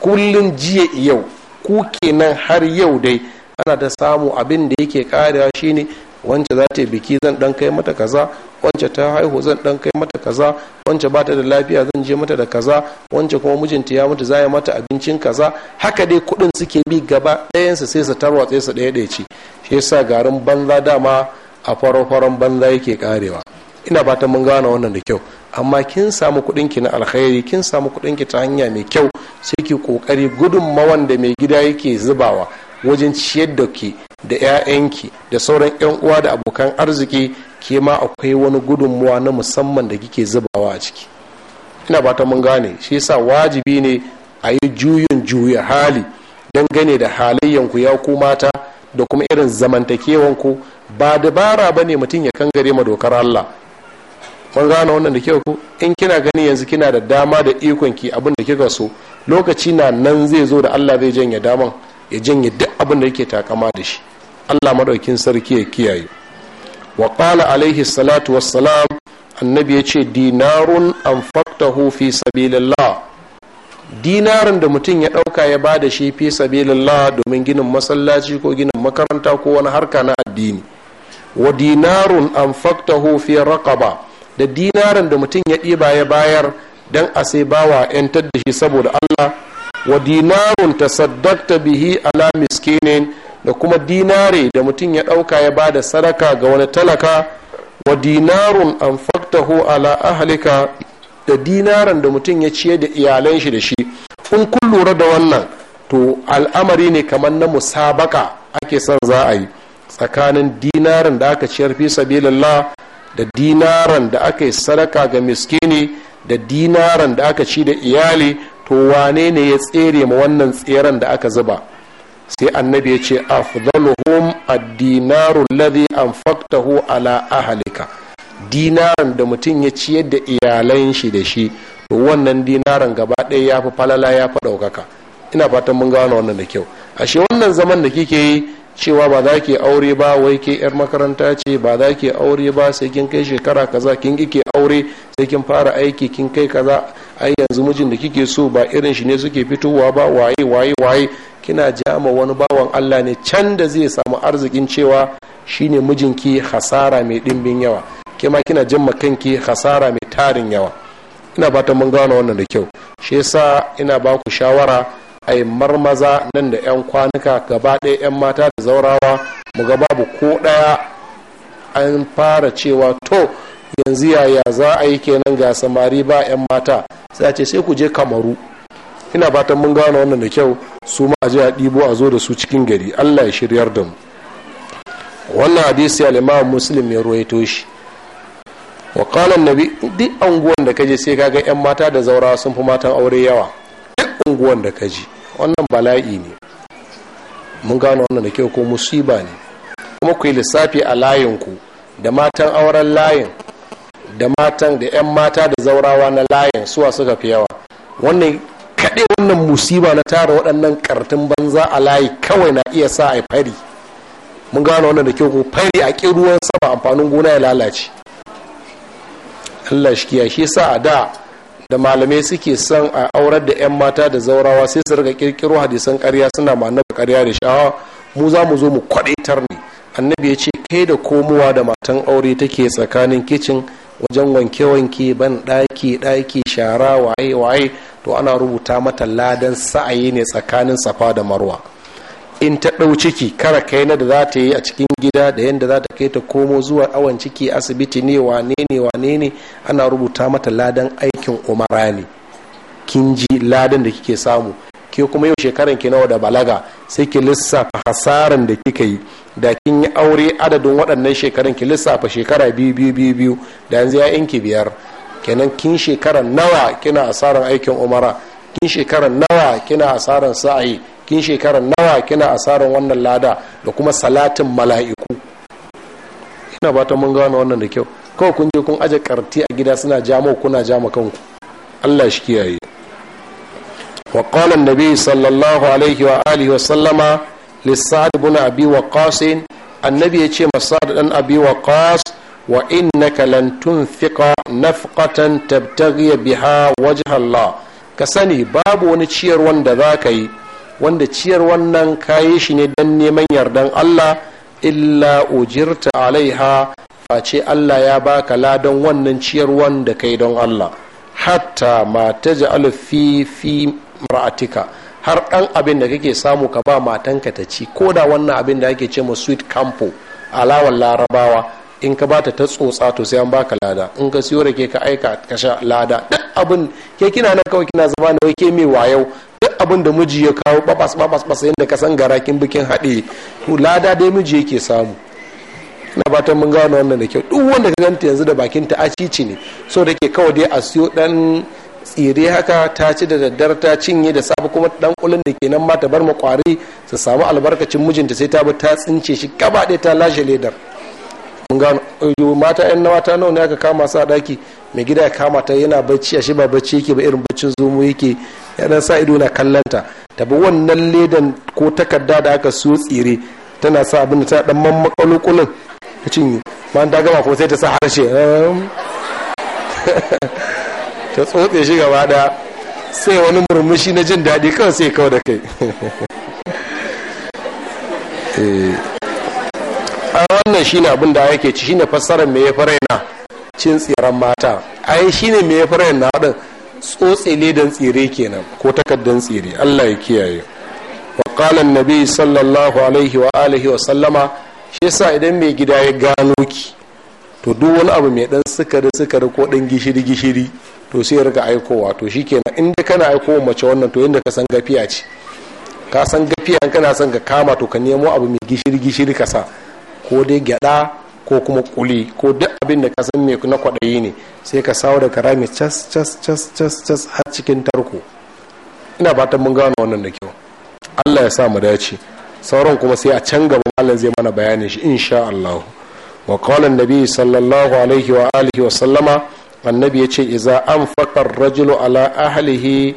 kullum jiya yau ku kenan har yau dai ana ta samu abin da yake karewa shine wance za ta biki zan dan kai mata kaza wance ta haihu zan dan kai mata kaza wance ba ta da lafiya zan je mata da kaza wance kuma mijinta ya mutu za ya mata abincin kaza haka dai kuɗin suke bi gaba ɗayansa sai su tarwa sai su ɗaya ɗaya ce shi yasa garin banza dama a faro-faron banza yake karewa ina fatan mun gane wannan da kyau amma kin samu kuɗin ki na alkhairi kin samu kuɗinki ki ta hanya mai kyau sai ki kokari gudunmawan da mai gida yake zubawa wajen ciyar da ke da 'ya'yanki da sauran 'yan uwa da abokan arziki ke ma akwai wani gudunmuwa na musamman da kike zubawa a ciki ina ba ta mun gane shi yasa wajibi ne a yi juyin juya hali don gane da halayyanku ya ku mata da kuma irin zamantakewanku ba dabara ba ne mutum ya kangare ma dokar allah mun gane wannan da kyau ku in kina gani yanzu kina da dama da ikon ki abin da kika so lokaci na nan zai zo da Allah zai janye daman ya janye duk abin da yake takama da shi Allah madaukin sarki ya kiyaye wa qala alaihi salatu wassalam annabi ya ce dinarun anfaqtahu fi sabilillah dinarin da mutum ya dauka ya bada shi fi sabilillah domin ginin masallaci ko ginin makaranta ko wani harka na addini wa dinarun anfaqtahu fi raqaba da dinarin da mutum ya ɗiba ya bayar don a sai bawa 'yantar da shi saboda allah wa dinarun ta saddakta bihi ala miskinin da kuma dinare da mutum ya ɗauka ya bada sadaka ga wani talaka wa dinarun an anfaqtahu ala ahalika da dinaran da mutum ya ciye da iyalan shi da shi in kun lura da wannan to al'amari ne kamar na musabaka ake son za a yi tsakanin dinarin da aka ciyar fi sabilillah da dinaran da aka yi sadaka ga miskini da dinaran da aka ci da iyali to wane ne ya tsere ma wannan tseren da aka zuba sai annabi ya ce afdaluhum ad-dinaru alladhi anfaqtahu ala ahlika dinaran da mutum ya ci da iyalan shi da shi to wannan dinaran gaba ɗaya ya fi falala ya fi ɗaukaka ina fatan mun gano wannan da kyau ashe wannan zaman da kike yi cewa ba za ki aure ba wai ke yar makaranta ce ba za ki aure ba sai kin kai shekara kaza kin ki aure sai kin fara aiki kin kai kaza ai yanzu mijin da kike so ba irin shi ne suke fitowa ba waye waye waye kina jama wani bawan Allah ne can da zai samu arzikin cewa shine ki hasara mai dimbin yawa kima kina jin kanki hasara mai tarin yawa ina fatan mun gano wannan da kyau shi yasa ina ba ku shawara a yi marmaza nan da 'yan kwanuka gaba ɗaya 'yan mata da zaurawa mu ga babu ko ɗaya an fara cewa to yanzu yaya za a yi kenan ga samari ba 'yan mata sai a ce sai ku je kamaru ina fatan mun gano wannan da kyau su ma a je a ɗibo a zo da su cikin gari allah ya shiryar da mu wannan hadisi al muslim ya ruwaito shi wa kalan nabi duk anguwan da kaje sai ka ga yan mata da zaurawa sun fi matan aure yawa duk anguwan da kaje wannan bala'i ne mun gano wannan da kyau ko musiba ne kuma ku yi lissafi a layinku da matan auren layin da matan da 'yan mata da zaurawa na layin suwa suka fi yawa wannan kaɗe wannan musiba na tara waɗannan ƙartun banza a layi kawai na iya sa a fari mun gano wannan da kyau ko fari a ƙin ruwan sama amfanin gona ya lalace allah shi kiya sa a da da malamai suke son a aurar da 'yan mata da zaurawa sai su rika kirkiro hadisan ƙarya suna ma'anar ƙarya da sha'awa mu za mu zo mu kwadaitar ne annabi ya ce kai da komowa da matan aure take tsakanin kicin wajen wanke-wanke ban ɗaki ɗaki shara waye-waye to ana rubuta mata ladan sa'ayi ne tsakanin safa da marwa in ta ɗau ciki kara kai na da za ta yi a cikin gida da yadda za ta kai ta komo zuwa awon ciki asibiti ne wane ne wane ne ana rubuta mata ladan aikin umara ne kin ji ladan da kike samu ke kuma yau shekaran ki nawa da balaga sai ki lissafa hasaran da kika yi da kin yi aure adadin waɗannan shekaran ki lissafa shekara biyu biyu biyu biyu da yanzu ya ki biyar kenan kin shekara nawa kina asaran aikin umara kin shekara nawa kina asaran sa'ayi kin shekarar nawa kina asarin wannan lada da kuma salatin mala'iku ina ba ta mun gano wannan da kyau kawai kun je kun aje karti a gida suna jamo kuna jama kanku Allah shi kiyaye wa qala sallallahu alaihi wa alihi wa sallama li sa'd ibn abi waqas annabi yace ma sa'd dan abi waqas wa innaka lan tunfiqa nafqatan tabtaghi biha wajha Allah ka sani babu wani ciyar wanda ka yi wanda ciyar wannan kayi shi ne don neman yardan Allah illa ujirta alaiha face Allah ya baka ladan wannan ciyar wanda kai don Allah hatta ma ta ji fi fi ra'atika har dan abin da kake samu ka ba matanka ta ci ko da wannan abin da ake ce ma sweet campo alawar larabawa in ka bata ta tsotsa to sai an baka lada in ka siyo rake ka aika ka sha lada duk abin ke kina nan kawai kina zama ne ke mai wayo. abin da miji ya kawo babas babas babas yadda ka san garakin bikin haɗe lada dai miji yake samu na bata mun gano wannan da kyau duk wanda ka ganta yanzu da bakin ta acici ne so da ke kawai dai a siyo dan tsire haka ta ci da daddare ta cinye da safe kuma dan kulin da kenan ma ta bar ma kwari su samu albarkacin mijinta sai ta bi ta tsince shi gaba ɗaya ta lashe ledar mun gano mata yan na mata nawa ne aka kama su a daki mai gida ya kama ta yana bacci a shi ba bacci yake ba irin baccin zomo yake ya sa ido na kallanta ta bi wannan ledan ko takarda da aka so tsire tana sa abin da ta dan mammakalukulin ta cinye ba ta gama ko sai ta sa harshe ehm. ta tsotse shi gaba da sai wani murmushi na jin daɗi kawai sai kawai da kai eh. a wannan shine abin da yake ci shine fassarar me ya fara yana cin tsiran mata ai shine me ya fara yana din tsotse dan tsire kenan ko takardar tsire allah ya kiyaye wa qala annabi sallallahu alaihi wa alihi wa sallama shi yasa idan mai gida ya gano ki to duk wani abu mai dan sukari sukari ko dan gishiri gishiri to sai rika aikowa to shikenan in inda kana aiko mace wannan to yadda ka san gafiya ce ka san gafiya in kana son ka kama to ka nemo abu mai gishiri gishiri ka sa ko dai gyada ko kuma kuli ko duk abin da ka san mai na kwaɗayi ne sai ka sawo da karami cas cas cas cas cas har cikin tarko ina fatan mun gano wannan da kyau allah ya sa mu dace sauran kuma sai a can gaba malam zai mana bayanin shi insha allah wa qala nabi sallallahu alaihi wa alihi wa sallama annabi yace idza anfaqa ar-rajulu ala ahlihi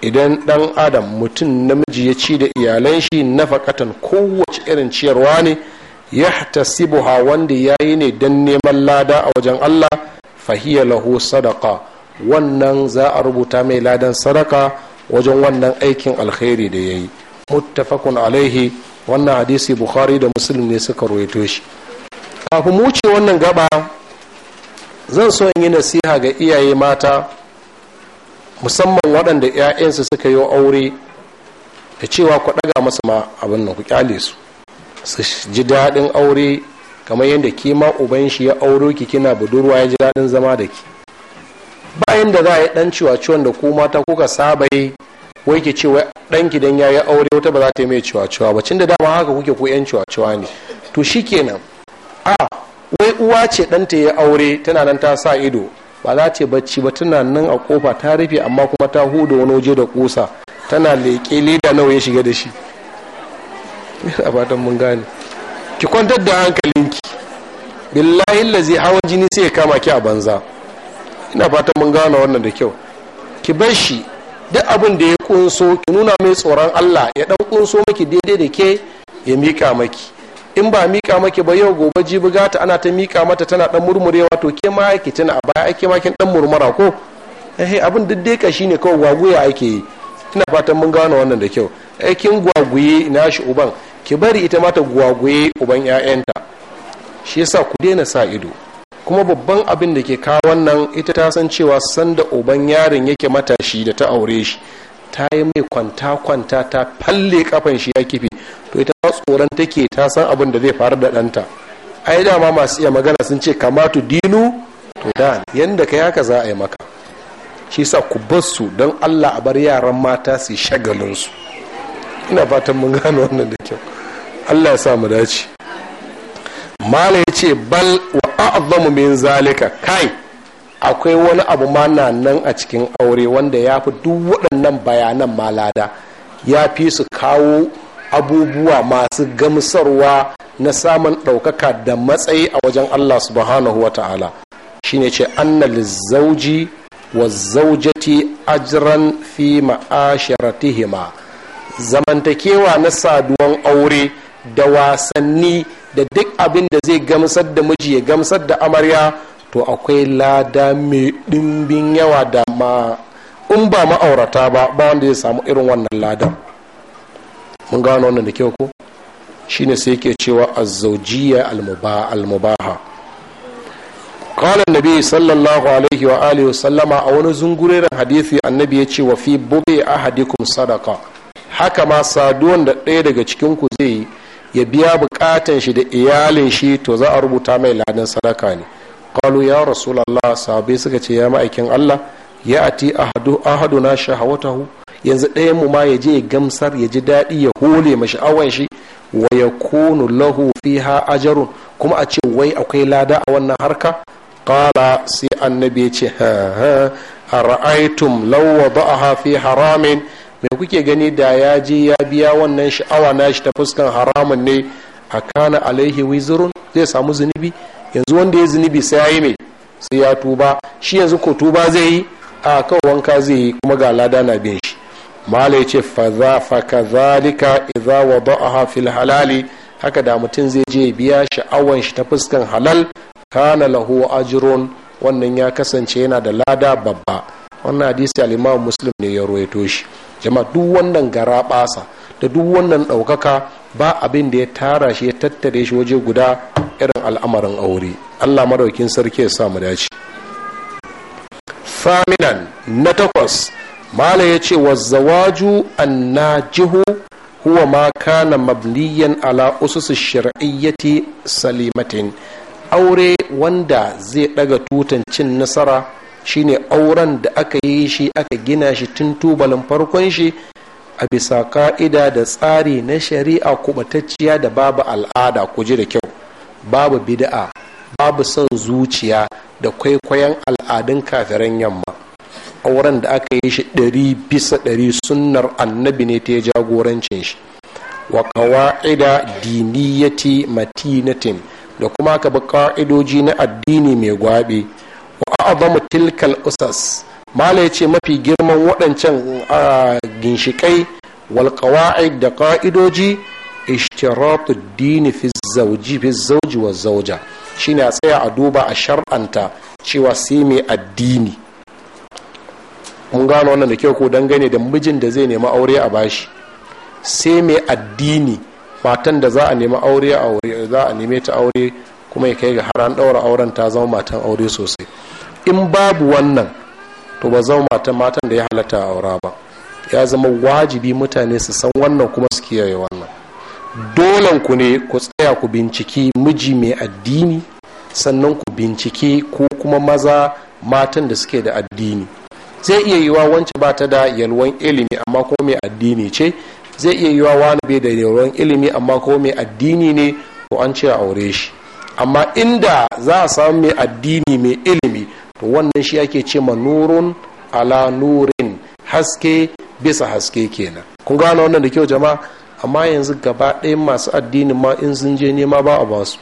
idan dan adam mutum namiji ya ci da iyalan shi nafaqatan kowace irin ciyarwa ne ya ha wanda ya yi ne don neman lada a wajen allah fahiya lahu sadaka wannan za a rubuta mai ladan sadaka wajen wannan aikin alkhairi da ya yi muttafaqun alaihi wannan hadisi bukhari da muslim ne suka ruwaito shi kafin mu wuce wannan gaba zan so in yi nasiha ga iyaye mata musamman waɗanda 'ya'yansu suka yi aure da cewa ku ɗaga masu ma abin ku kyale su su ji daɗin aure kamar yadda ke ma uban shi ya auro ki kina budurwa ya ji daɗin zama da ki bayan da za a yi ɗan ciwon da ku mata kuka saba yi wai ki ce wai ki dan ya yi aure wata ba za ta yi mai ciwaciwa ba da dama haka kuke ko yan ciwaciwa ne to shi kenan a wai uwa ce ɗanta ya aure tana nan ta sa ido ba za ta bacci ba tana nan a kofa ta rufe amma kuma ta huda wani waje da kusa tana leƙe leda nawa ya shiga da shi a fatan mun gane ki kwantar da hankalinki billahi lazi hawan jini sai ya kama ki a banza ina fatan mun gane wannan da kyau ki bar shi duk abin da ya kunso ki nuna mai tsoron Allah ya dan kunso maki daidai da ke ya mika maki in ba mika maki ba yau gobe jibi gata ana ta mika mata tana dan murmurewa to ke ma ki tana a baya ake ma kin dan murmura ko eh abin duk dai kashi ne kawai gwaguye ake yi ina fatan mun gane wannan da kyau aikin gwaguye na shi uban ki bari ita mata ta gwagwaye uban 'ya'yanta shi yasa ku daina sa ido kuma babban abin da ke kawo wannan ita ta san cewa sanda uban yarin yake matashi da ta aure shi ta yi mai kwanta-kwanta ta falle kafan shi ya kife to ita ma tsoron take ta san abin da zai faru da ɗanta ai dama masu iya magana sun ce kamatu dinu to da yanda ka yaka za a yi maka shi sa ku bar su don allah a bar yaran mata su shagalinsu ina fatan mun gane wannan da kyau allah ya sa mu dace mala ya ce bal wa a'zamu min zalika kai akwai wani abu ma na nan a cikin aure wanda ya fi duk waɗannan bayanan malada ya fi su kawo abubuwa masu gamsarwa na samun ɗaukaka da matsayi a wajen allah subhanahu wa ta'ala shi ne ce annal zauji wa zaujati ajran fi ma'asharatihima zamantakewa na saduwan aure da wasanni da duk abin da zai gamsar da miji ya gamsar da amarya to akwai lada mai ɗimbin yawa da ma in ba ma'aurata ba ba wanda ya samu irin wannan ladan mun gano wannan da kyau ko ne sai ke cewa azzaujiya almubaha da annabi sallallahu alaihi wa alihi wa sallama a wani zungureren hadisi annabi ya ce wa fi a hadikun sadaka haka ma saduwan da ɗaya daga cikin ku zai yi ya biya bukatan shi da iyalin shi to za a rubuta mai ladan sadaka ne Kalu ya rasulullah sahabai suka ce ya ma'aikin Allah ya ati ahadu na shahawatahu yanzu ɗayan mu ma ya je ya gamsar ya ji daɗi ya hole mashi awan shi wa yakunu lahu fiha ajarun kuma a ce wai akwai lada a wannan harka qala sai annabi ya ce ha ha ara'aytum law wada'aha fi haramin mai kuke gani da ya je ya biya wannan sha'awa na shi ta fuskan haramun ne a kana alaihi wizirun zai samu zunubi yanzu wanda ya zunubi sai ya yi mai sai ya tuba shi yanzu ko tuba zai yi a kan wanka zai yi kuma ga lada na bin shi mala ya ce fakazalika idza wada'aha fil halali haka da mutum zai je biya sha'awan shi ta fuskan halal kana lahu ajrun wannan ya kasance yana da lada babba wannan hadisi al-imam muslim ne ya ruwaito shi jama duk wannan gara basa da duk wannan ɗaukaka ba abin da ya tara shi ya tattare shi waje guda irin al'amarin aure allah maraukin sarki ya sa mu dace faminan na takwas mala ya ce wa zawaju an huwa ma kana mabniyan ala ususu shar'iyyati salimatin aure wanda zai daga tutan cin nasara shine auren da aka yi shi aka gina shi tun tubalin farkon shi a bisa ka'ida da tsari na shari'a kubatacciya da babu al'ada ku ji da kyau babu bida'a, babu son zuciya da kwaikwayon al'adun kafiran yamma auren da aka yi shi ɗari bisa ɗari sunnar annabi ne ta jagorancin shi wa kawa'ida diniyati matinatin da kuma aka bi ka'idoji na addini mai gwabe a'azamu tilkal usas mala yace mafi girman waɗancan ginshikai wal qawa'id da ƙa'idoji ishtiratu ad-din fi zawji fi zawji wa zawja shine a tsaya a duba a shar'anta cewa sai mai addini mun gano wannan da kyau ko dangane da mijin da zai nemi aure a bashi sai mai addini matan da za a nemi aure za a neme ta aure kuma ya kai ga har an ɗaura auren ta zama matan aure sosai in babu wannan to ba zama matan matan da ya halatta a aura ba ya zama wajibi mutane su san wannan kuma su kiyaye wannan dolan ku ne ku tsaya ku binciki miji mai addini sannan ku bincike ko kuma maza matan da suke da addini zai iya yiwa wance ba ta da yalwan ilimi amma ko mai addini ce zai iya yiwa wani bai da yalwan ilimi amma ko mai addini ne ko an ce a aure shi amma inda za a samu mai addini mai ilimi to wannan shi ake ce ma nurun ala nurin haske bisa haske kenan kun gane wannan da kyau jama'a amma yanzu gaba ɗaya masu addinin ma in sun je nema ba a basu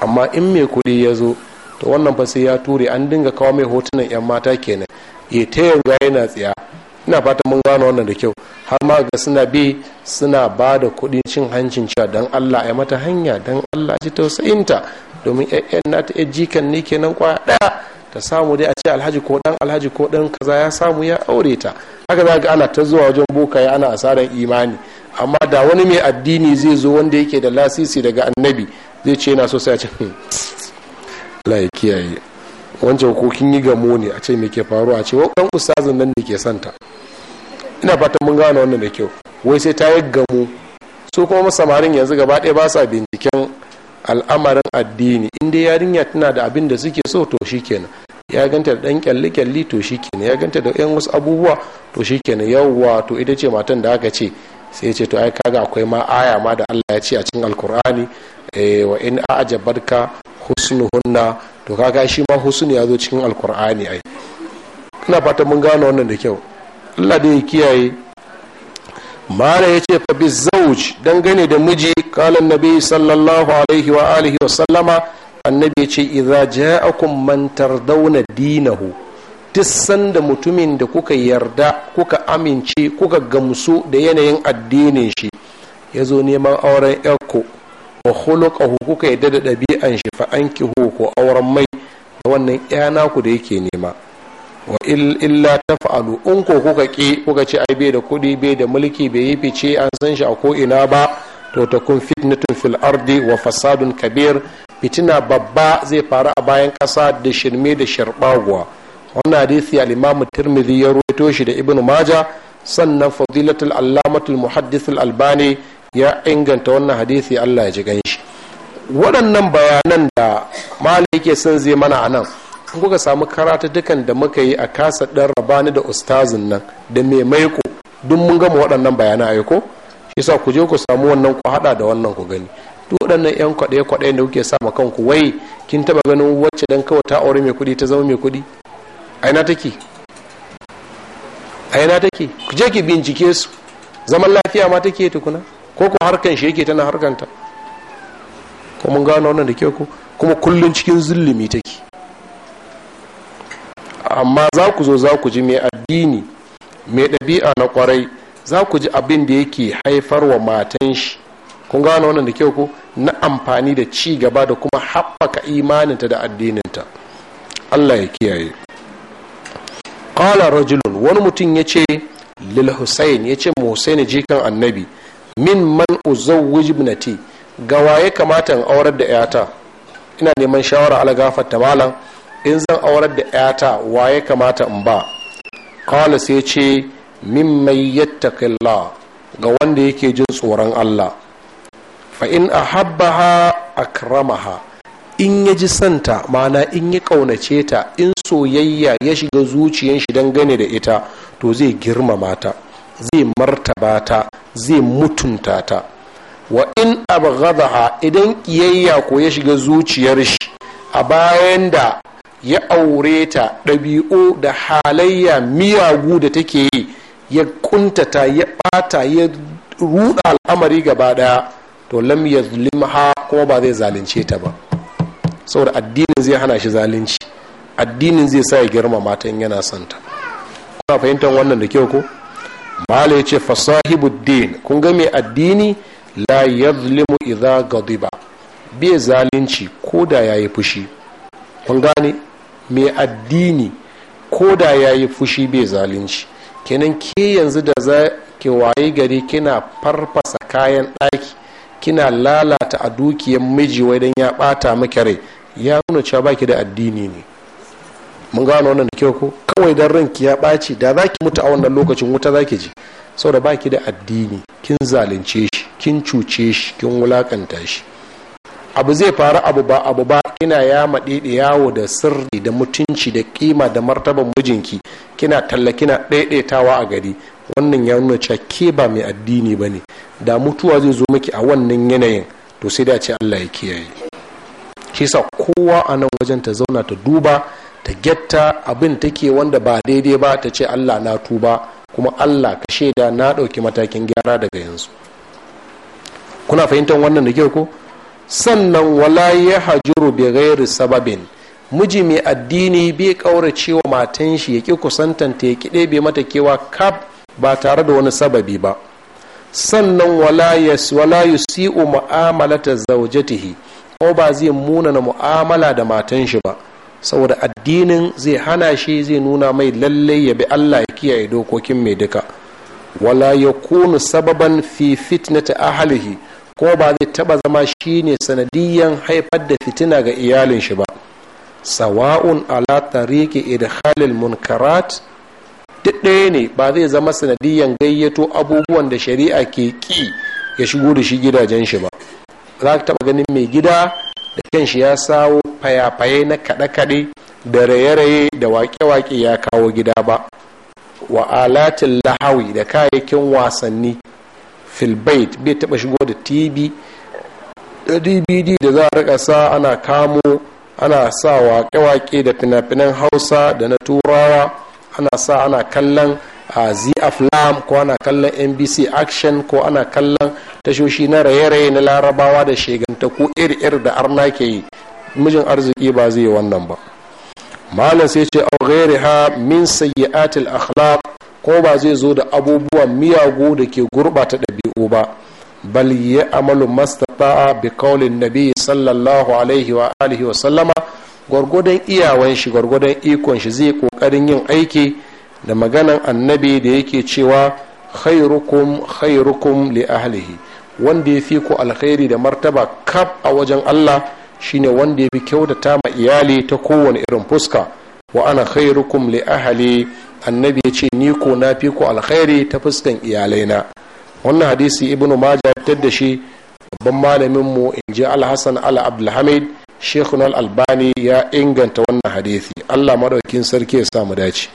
amma in mai kuɗi ya zo to wannan fa sai ya ture an dinga kawo mai hotunan 'yan mata kenan ya ta yanga yana tsiya ina fata mun gano wannan da kyau har ma ga suna bi suna ba da kuɗin cin hancin cewa dan Allah ya mata hanya dan Allah tausayin ta domin ƴaƴan nata ƴar jikan ne kenan kwaya daya ta samu dai a ce alhaji ko dan alhaji ko dan kaza ya samu ya aure ta haka za ga ana ta zuwa wajen ya ana asaran imani amma da wani mai addini zai zo wanda yake da lasisi daga annabi zai ce yana so sai a ce hmm, Allah ya kiyaye wancan ko yi gamo ne a ce me ke faruwa a ce wa ɗan ustazin nan ne ke santa ina fatan mun gane wannan da kyau wai sai ta yi gamu su kuma samarin yanzu gaba ɗaya ba sa binciken al'amarin addini inda yarinya tana da abin da suke so to kenan ya ganta da ɗan kyalli kyalli to kenan ya ganta da yan wasu abubuwa to kenan yawwa to ita ce matan da aka ce sai ce to ai kaga akwai ma aya ma da Allah ya ce a cikin alkur'ani eh, wa in a'jabarka husnuhunna to kaga shi ma husnu ya zo cikin alkur'ani ai ina fatan mun gane wannan da kyau Allah da ya kiyaye Mara ya ce fabi zauj dangane da miji kalan nabi sallallahu alaihi wa alihi wa sallama annabi ya ce idza ja'akum man tardawna dinahu duk sanda mutumin da kuka yarda kuka amince kuka gamsu da yanayin addinin shi ya zo neman auren yarku wa hulukahu kuka yarda da ɗabi'an shi fa an ko auren mai da wannan yana ku da yake nema wa illa fa'alu in ko kuka ki kuka ce ai bai da kuɗi bai da mulki bai yi fice an san shi a ko ina ba to ta kun fitnatun fil ardi wa fasadun kabir fitina babba zai faru a bayan ƙasa da shirme da sharbaguwa wannan hadisi al-imam tirmidhi ya ruwaito shi da ibnu maja sannan fadilatul allamatul muhaddis albani ya inganta wannan hadisi Allah ya ji ganshi waɗannan bayanan da malai yake son zai mana a nan kuka samu karata dukan da muka yi a kasa ɗan rabani da ustazin nan da mai maiko duk mun gama waɗannan bayanan aiko shi sa ku je ku samu wannan ku haɗa da wannan ku gani duk waɗannan yan kwaɗe kwaɗe da kuke sa kanku wai kin taɓa ganin wacce dan kawai ta aure mai kuɗi ta zama mai kuɗi aina take aina take ku je ki bincike su zaman lafiya ma take tukuna ko ko harkan shi yake tana harkanta ko mun gano wannan da ke ku kuma kullun cikin zulumi take amma za ku zo za ku ji mai addini mai ɗabi'a na kwarai za ku ji abin da yake haifar wa matan shi kun gano wannan da kyau ko na amfani da ci gaba da kuma haɓaka imaninta da addininta allah ya kiyaye ƙala rajulun wani mutum ya ce lil hussein ya ce musaini jikan annabi min man uzawwij ibnati gawa ya kamata in aurar da 'yata ina neman shawara ala gafarta malam in zan aurar da 'yata wa ya kamata in ba kawai sai ce min mai yattaqillah ga wanda yake jin tsoron Allah fa in ahabbaha akramaha in ya ji santa mana in ya kaunace ta in soyayya ya shiga zuciyan shi dangane da ita to zai girmama ta zai martaba ta zai mutunta ta wa in ha, idan kiyayya ko ya shiga zuciyar shi a bayan da ya aure ta ɗabi'u da halayya miyagu da take yi ya kuntata ya ɓata ya ruɗa al'amari gaba ɗaya to lam ya ha kuma ba zai zalunce ta ba saboda addinin zai hana shi zalunci addinin zai sa ya girma matan yana santa kuna fahimtar wannan da kyau ko mala yace fasahibuddin kun ga mai addini la ya zulimu ga riba bai zalunci ko da ya yi fushi kun gane mai addini ko da ya yi fushi bai zalunci kenan ke yanzu da za ke waye gari kina farfasa kayan ɗaki kina lalata a dukiyar miji wadan ya ɓata maka rai ya nuna cewa baki da addini ne mun gano wannan da kyau ko kawai dan ranki ya ɓaci da za ki mutu a wannan lokacin wuta za ki ji saboda baki da addini kin zalunce shi kin cuce shi kin wulakanta shi abu zai faru abu ba abu ba kina ya maɗiɗi yawo da sirri da mutunci da kima da martaban mijinki kina talla kina ɗaiɗaitawa a gari wannan ya nuna cewa ke ba mai addini ba ne da mutuwa zai zo miki a wannan yanayin to sai da ce allah ya kiyaye kisa kowa a nan wajen ta zauna ta duba ta getta abin take wanda ba daidai ba ta ce allah na tuba kuma allah ka shaida na ɗauki matakin gyara daga yanzu kuna fahimtar wannan da kyau ko sannan wala ya hajiru bi sababin miji mai addini bai ƙaurace wa matan shi ya ƙi kusantanta ya kiɗe bai mata kewa kaf ba tare da wani sababi ba sannan wala yusi'u ta zaujatihi ko ba zai muna na mu'amala da matan shi ba saboda addinin zai hana shi zai nuna mai lallai ya bi Allah ya kiyaye dokokin mai duka wala yakunu sababan fi fitnati ahlihi ko ba zai taba zama shine sanadiyyan haifar da fitina ga iyalin shi ba sawa'un ala tariqi idkhalil munkarat duk ɗaya ne ba zai zama sanadiyyan gayyato abubuwan da shari'a ke ki ya shigo da shi gidajen shi ba za ka taba ganin mai gida da kan shi ya sawo fayafaye na kaɗe-kaɗe da raye-raye da waƙe-waƙe ya kawo gida ba wa'alatin lahawi da kayayyakin wasanni filbait bai taba shigo da tv da dvd da za a rika sa ana kamo ana sa waƙe-waƙe da fina-finan hausa da na turawa ana sa ana kallon a zaflam ko ana kallon nbc action ko ana kallon tashoshi na raye-raye na larabawa da sheganta ko iri-iri da arna ke yi mijin arziki ba zai yi wannan ba malam sai ce au ghairiha min sayyi'atil akhlaq ko ba zai zo da abubuwan miyagu da ke gurɓata ɗabi'u ba bal ya amalu mastata'a bi kaulin nabi sallallahu alaihi wa alihi wa sallama gwargwadon iyawan shi gwargwadon ikon shi zai kokarin yin aiki da maganan annabi da yake cewa khairukum khairukum li ahlihi wanda ya fi ku alkhairi da martaba kaf a wajen Allah shine wanda ya fi kyautata ma iyali ta kowane irin fuska wa ana khairukum li ahli annabi ya ce ni ko na fi ku alkhairi ta fuskan iyalaina wannan hadisi ibnu maja ya da shi babban malamin mu in ji alhassan ala abdulhamid shekun albani ya inganta wannan hadisi allah maɗaukin sarki ya samu dace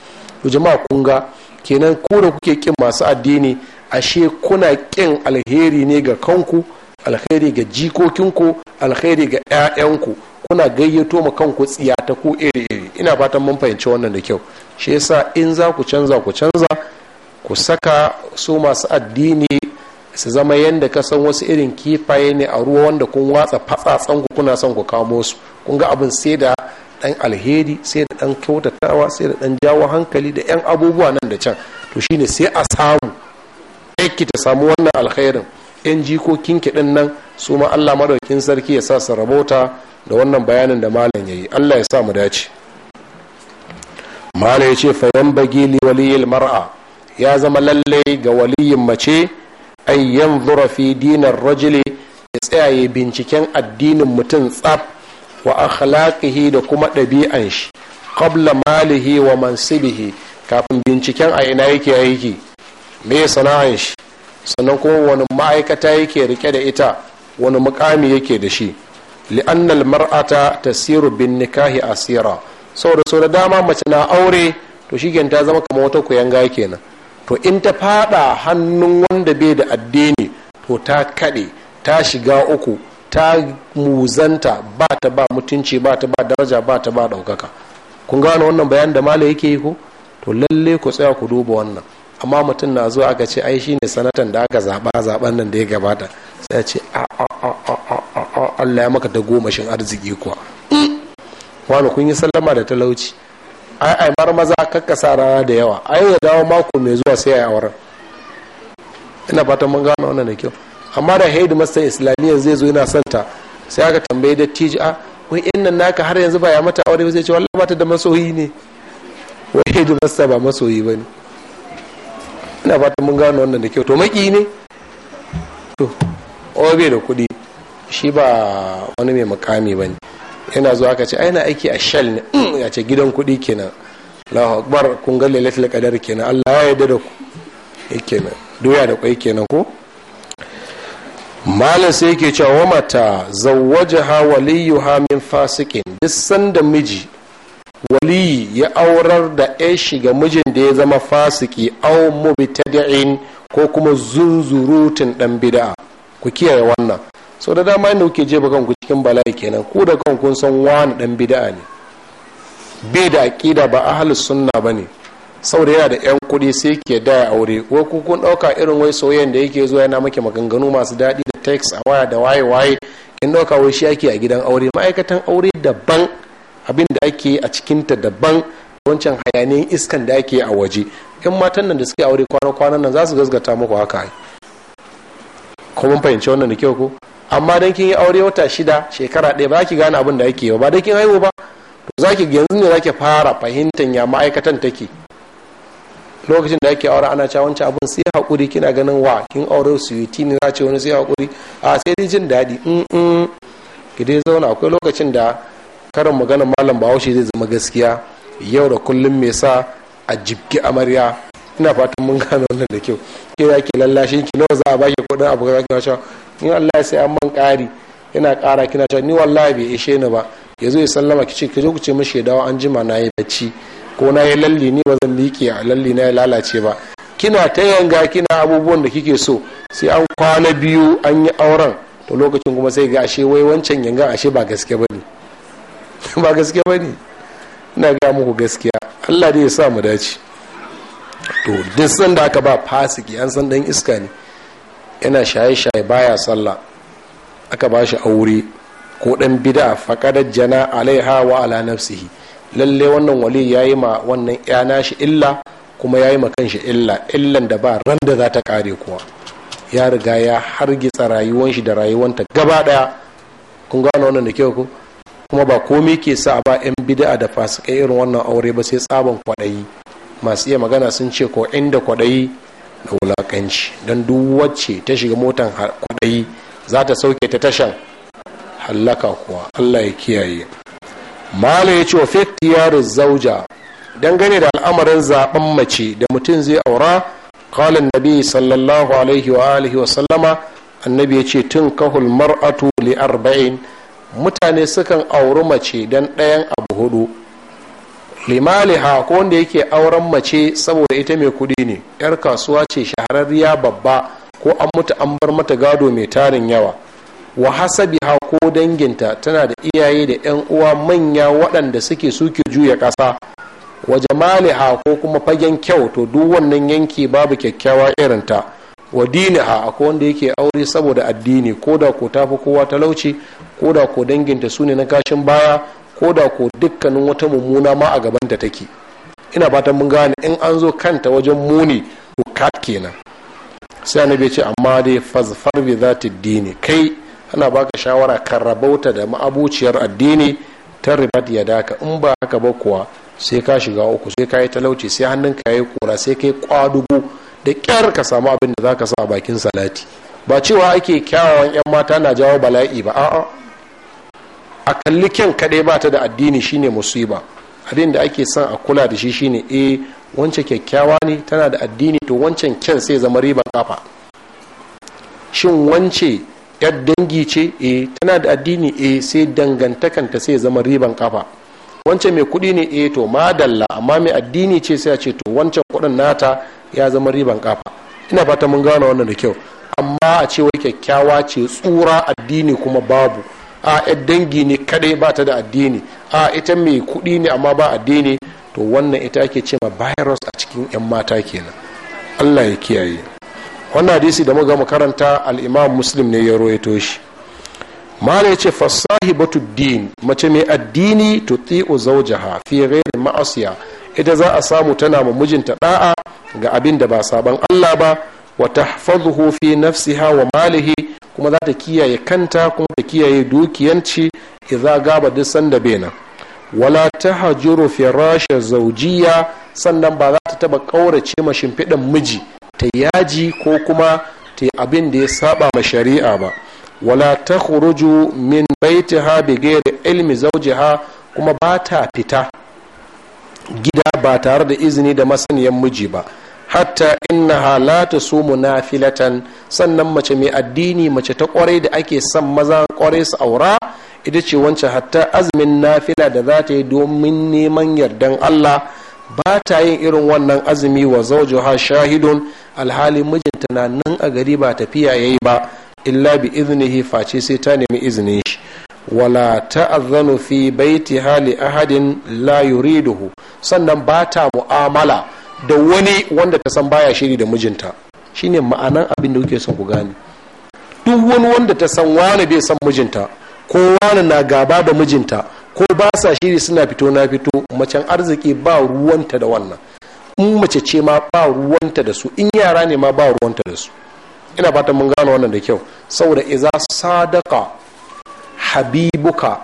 jama'a kun ga kenan ko da kuke kin masu addini ashe kuna kin alheri ne ga kanku alheri ga jikokinku alheri ga 'ya'yanku kuna gayyato ma kanku tsiya ta ko iri iri ina fatan mun fahimci wannan da kyau shi yasa in za ku canza ku canza ku saka su masu addini su zama yadda ka san wasu irin kifaye ne a ruwa wanda kun watsa fatsatsan ku kuna son ku kamo su kun ga abin sai da dan alheri sai da dan kyautatawa sai da dan jawo hankali da yan abubuwa nan da can to shine sai a samu aiki ta samu wannan alkhairin yan jikokin kiɗin nan su ma Allah madaukin sarki ya sa su rabota da wannan bayanin da malam ya yi allah ya sa mu dace malam ya ce fayan bagi li waliyil mar'a ya zama lalle ga waliyin mace an yanzura fi dinar rajuli ya tsayaye binciken addinin mutum tsab wa akhlaqihi da kuma ɗabi'an shi qabla malihi wa mansibihi kafin binciken a ina yake aiki me sana'an shi sannan kuma wani ma'aikata yake rike da ita wani mukami yake da shi li'annal ta tasiru bin nikahi asira saboda so da dama mace na aure to shigen ta zama kamar wata kuyanga kenan to in ta fada hannun wanda bai da addini to ta kaɗe ta shiga uku ta muzanta ba ta ba mutunci ba ta ba daraja ba ta ba ɗaukaka kun gano wannan bayan da mala yake yi ko to lalle ku tsaya ku duba wannan amma mutum na zuwa aka ce ai shine sanatan da aka zaba zaben nan da ya gabata sai ya ce a a a Allah ya maka ta gomashin arziki kuwa wani kun yi sallama da talauci ai ai mar maza sa rana da yawa ai ya dawo mako mai zuwa sai ai auren ina fatan mun gano wannan da kyau amma da haidu mastan islamiyya zai zo yana son ta sai aka tambaye da tiji a ah, wai in nan naka har yanzu ba ya mata aure ba sai ce wallahi ta da masoyi ne wai haidu masta ba masoyi ba ne ina fatan mun gano wannan da kyau to maki ne to obe da kuɗi shi ba wani mai mukami ba ne yana zuwa aka ce aina aiki a shell ne ya ce gidan kuɗi kenan Allahu akbar kun ga kenan Allah ya yarda da ku kenan doya da kwai kenan ko malam sai yake cewa wa mata zawwajaha waliyuha min fasikin duk sanda miji waliyi ya aurar da ya shiga mijin da ya zama fasiki au mubtadi'in ko kuma zunzurutun dan bid'a ku kiyaye wannan sau da dama inda kuke jefa kanku cikin bala'i kenan ku da kanku kun san wani dan bida'a ne bai da aƙida ba halin sunna ba ne saboda yana da yan kuɗi sai ke da aure ko ku kun ɗauka irin wai soyayyen da yake zuwa yana maki maganganu masu daɗi da text a waya da waye waye in ɗauka wai shi ake a gidan aure ma'aikatan aure daban abin da ake a cikin ta daban wancan hayaniyan iskan da ake a waje yan matan nan da suke aure kwana-kwanan nan za su gasgata muku haka ko mun fahimci wannan da kyau ko amma dan kin yi aure wata shida shekara ɗaya ba za ki gane abin da ake yi ba dai kin haihu ba to za ki yanzu ne za ki fara fahimtar ya ma'aikatan take lokacin da ake aure ana cewa wancan abin sai haƙuri kina ganin wa kin aure su yi tini za ce wani sai haƙuri a sai dai jin daɗi in ki dai zauna akwai lokacin da karin maganar malam bahaushe zai zama gaskiya yau da kullum me sa a jibgi amarya ina fatan mun gane wannan da kyau ke ya ke lallashin ki nawa za a baki kuɗin abu za ki ni wallahi sai an man ƙari yana ƙara kina cewa ni wallahi bai ishe ni ba ya zo ya sallama ki ce ki zo ku ce mishi dawo an jima na yi bacci ko na yi lalli ni ba zan liƙe a lalle na ya lalace ba kina ta yanga kina abubuwan da kike so sai an kwana biyu an yi auren to lokacin kuma sai ga ashe wai wancan yanga ashe ba gaske ba ne ba gaske ba ne ina ga muku gaskiya allah dai ya sa mu dace to duk sanda aka ba fasiki an san dan iska ne yana shaye-shaye baya sallah aka ba shi aure ko ɗan bida faƙadar jana alaiha wa ala nafsihi lalle wannan wali ya yi ma wannan yana shi illa kuma ya yi ma kanshi illa illan da ba ran da za ta ƙare kuwa ya riga ya hargitsa rayuwan shi da rayuwanta gaba ɗaya kun gano wannan da kyau ko kuma ba komai ke sa ba yan bid'a da fasikai irin wannan aure ba sai tsaban kwaɗayi masu iya magana sun ce ko inda kwaɗayi na wulaƙanci don duk wacce ta shiga motan kwaɗayi za ta sauke ta tashan hallaka kuwa allah ya kiyaye mala ya ce wa fetiyarar zauja dangane da al'amarin zaɓen mace da mutum zai aura kalin nabi sallallahu alaihi wa alihi wa sallama annabi ya ce tun kahul mar'atu li arba'in mutane sukan auri mace don ɗayan abu hudu limaliha ko wanda yake auren mace saboda ita mai kudi ne yar kasuwa ce shahararriya babba ko an mutu an bar mata gado mai tarin yawa wa ha ko danginta tana da iyaye da 'yan uwa manya waɗanda suke suke juya ƙasa wa jamaliha ko kuma fagen kyau to duk wannan yanki babu kyakkyawa irinta wa diniha akwai wanda yake aure saboda addini ko da ko tafi kowa talauci ko da ko danginta su ne na kashin baya ko da ko dukkanin wata mummuna ma a gabanta take ina fatan mun gane in an zo kanta wajen muni to kat kenan sai annabi ce amma dai fazfar bi zati dini kai ana baka shawara kan rabauta da ma'abuciyar addini ta ribat ya daka in ba haka ba kuwa sai ka shiga uku sai ka yi talauci sai hannun ya yi kura sai ka yi kwadugo da kyar ka samu abin da za ka sa a bakin salati ba cewa ake kyawawan 'yan mata na jawo bala'i ba a'a a kalli kyan kaɗai ba ta da addini shine musiba abin da ake son a kula da shi shine a eh, wancan kyakkyawa ne tana da addini to wancan kyan sai zama riba kafa shin wance yar dangi ce eh tana da addini eh sai dangantakanta sai zama riban kafa wancan mai kuɗi ne eh to madalla amma mai addini ce sai a ce to wancan kuɗin nata ya zama riban kafa ina fata mun gane wannan da kyau amma a ce wai kyakkyawa ce tsura addini kuma babu a yan dangi ne kadai ba ta da addini a ita mai kudi ne amma ba addini to wannan ita ake ce ma virus a cikin yan mata kenan allah ya kiyaye wannan hadisi da muka makaranta al'imam muslim ne ya roeto shi mala ya ce batu din mace mai addini to zau zawjaha fi ghairi ma'asiya ita za a samu tana ma mijinta da'a ga abin da ba sabon Allah ba wa tahfazuhu fi nafsiha wa malihi kuma za ta kiyaye kanta kuma ta kiyaye dukiyanci idza gaba duk sanda bena wala tahjuru firasha zaujiya sannan ba za ta taba kaurace ma shimfiɗan miji ta yaji ko kuma ta yi abin da ya saba ma shari'a ba wala ta khuruju min ha bi ghairi ilmi zawjiha kuma ba ta fita gida ba tare da izini da masaniyan miji ba hatta inna halata tasumu nafilatan sannan mace mai addini mace ta kwarai da ake son maza kwarai su aura ita ce wancan hatta azumin nafila da za ta yi domin neman yardan Allah ba ta yin irin wannan azumi wa zawjuha shahidun alhali mijinta na nan a gari ba tafiya yayi ba illa bi iznihi face sai ta nemi izinin shi wala ta'azzanu fi baiti hali ahadin la yuriduhu sannan ba ta mu'amala da wani wanda ta san baya shiri da mijinta shine ma'anan abin da kuke son ku gane duk wani wanda ta san wani bai san mijinta ko wani na gaba da mijinta ko ba sa shiri suna fito na fito macen arziki ba ruwanta da wannan in mace ce ma ba ruwanta da su in yara ne ma ba ruwanta da su ina fatan mun gano wannan da kyau saboda iza sadaka habibuka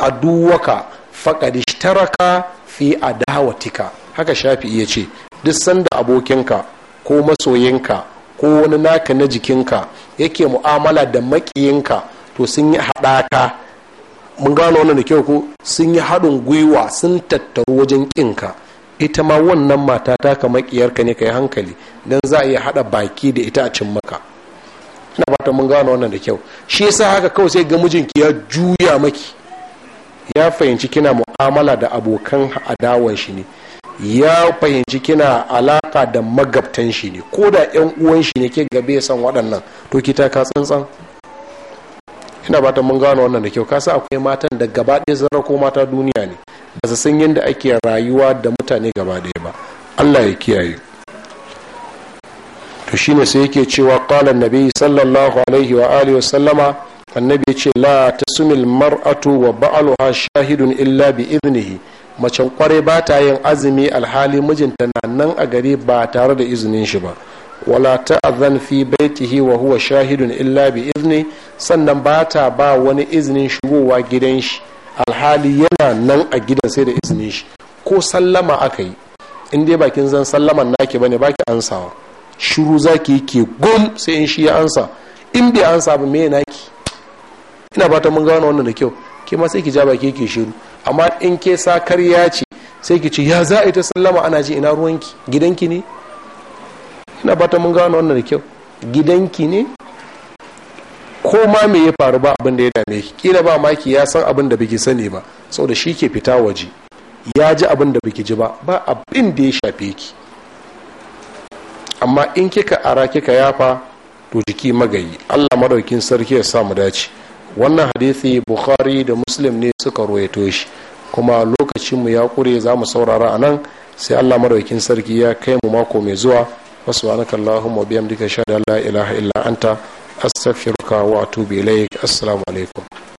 aduwaka faqad ishtaraka fi adawatika haka shafi ya ce duk sanda abokinka ko masoyinka ko wani naka na jikinka yake mu'amala da makiyinka to sun yi haɗaka mun gano wannan da kyau ko sun yi haɗin gwiwa sun tattaru wajen ƙinka ita ma wannan mata ta ka makiyarka ne ka yi hankali don za a iya haɗa baki da ita a cin maka ina fata mun gano wannan da kyau shi yasa haka kawai sai ga mijinki ya juya maki ya fahimci kina mu'amala da abokan adawan shi ne ya fahimci kina alaka da magabtan shi ne ko da yan uwan shi ne ke gabe san waɗannan to ki ta ka tsantsan ina ba ta mun gano wannan da kyau kasa akwai matan da gaba ɗaya zara ko mata duniya ne ba su san yadda ake rayuwa da mutane gaba ɗaya ba allah ya kiyaye to shine sai yake cewa qala nabi sallallahu alaihi wa alihi wa sallama annabi ya ce la tasumil mar'atu wa ba'aluha shahidun illa bi idnihi macen kwarai ba ta yin azumi alhali mijinta na nan a gari ba tare da izinin shi ba wala ta'zan fi baitihi wa huwa shahidun illa bi izni sannan ba ta ba wani izinin shigowa gidan shi alhali yana nan a gidan sai da izinin shi ko sallama aka yi in dai bakin zan sallaman naki bane baki ansawa shiru zaki yi ke gum sai in shi ya ansa in bai ansa ba me naki ina ta mun gano wannan da kyau ke ma sai ki ja baki ke shiru amma in ke sa karya ce sai ki ce ya za a ta sallama ana ji ina ruwanki gidanki ne ina ta mun gano wannan da kyau gidanki ne ko ma me ya faru ba abin da ya dame ki kila ba maki ya san abin da biki sani ba saboda shi ke fita waje ya ji abin da biki ji ba ba abin da ya shafe ki amma in kika ara kika yafa to jiki magayi allah madaukin sarki ya sa mu dace wannan hadisi bukhari da muslim ne suka ruwaito shi kuma lokacinmu ya kure za mu saurara a nan sai allah maraukin sarki ya kai mu mako mai zuwa wasu wa naka allahumma duka dika sha da allah ilaha illa anta astaghfiruka wa atubu ilaik assalamu alaikum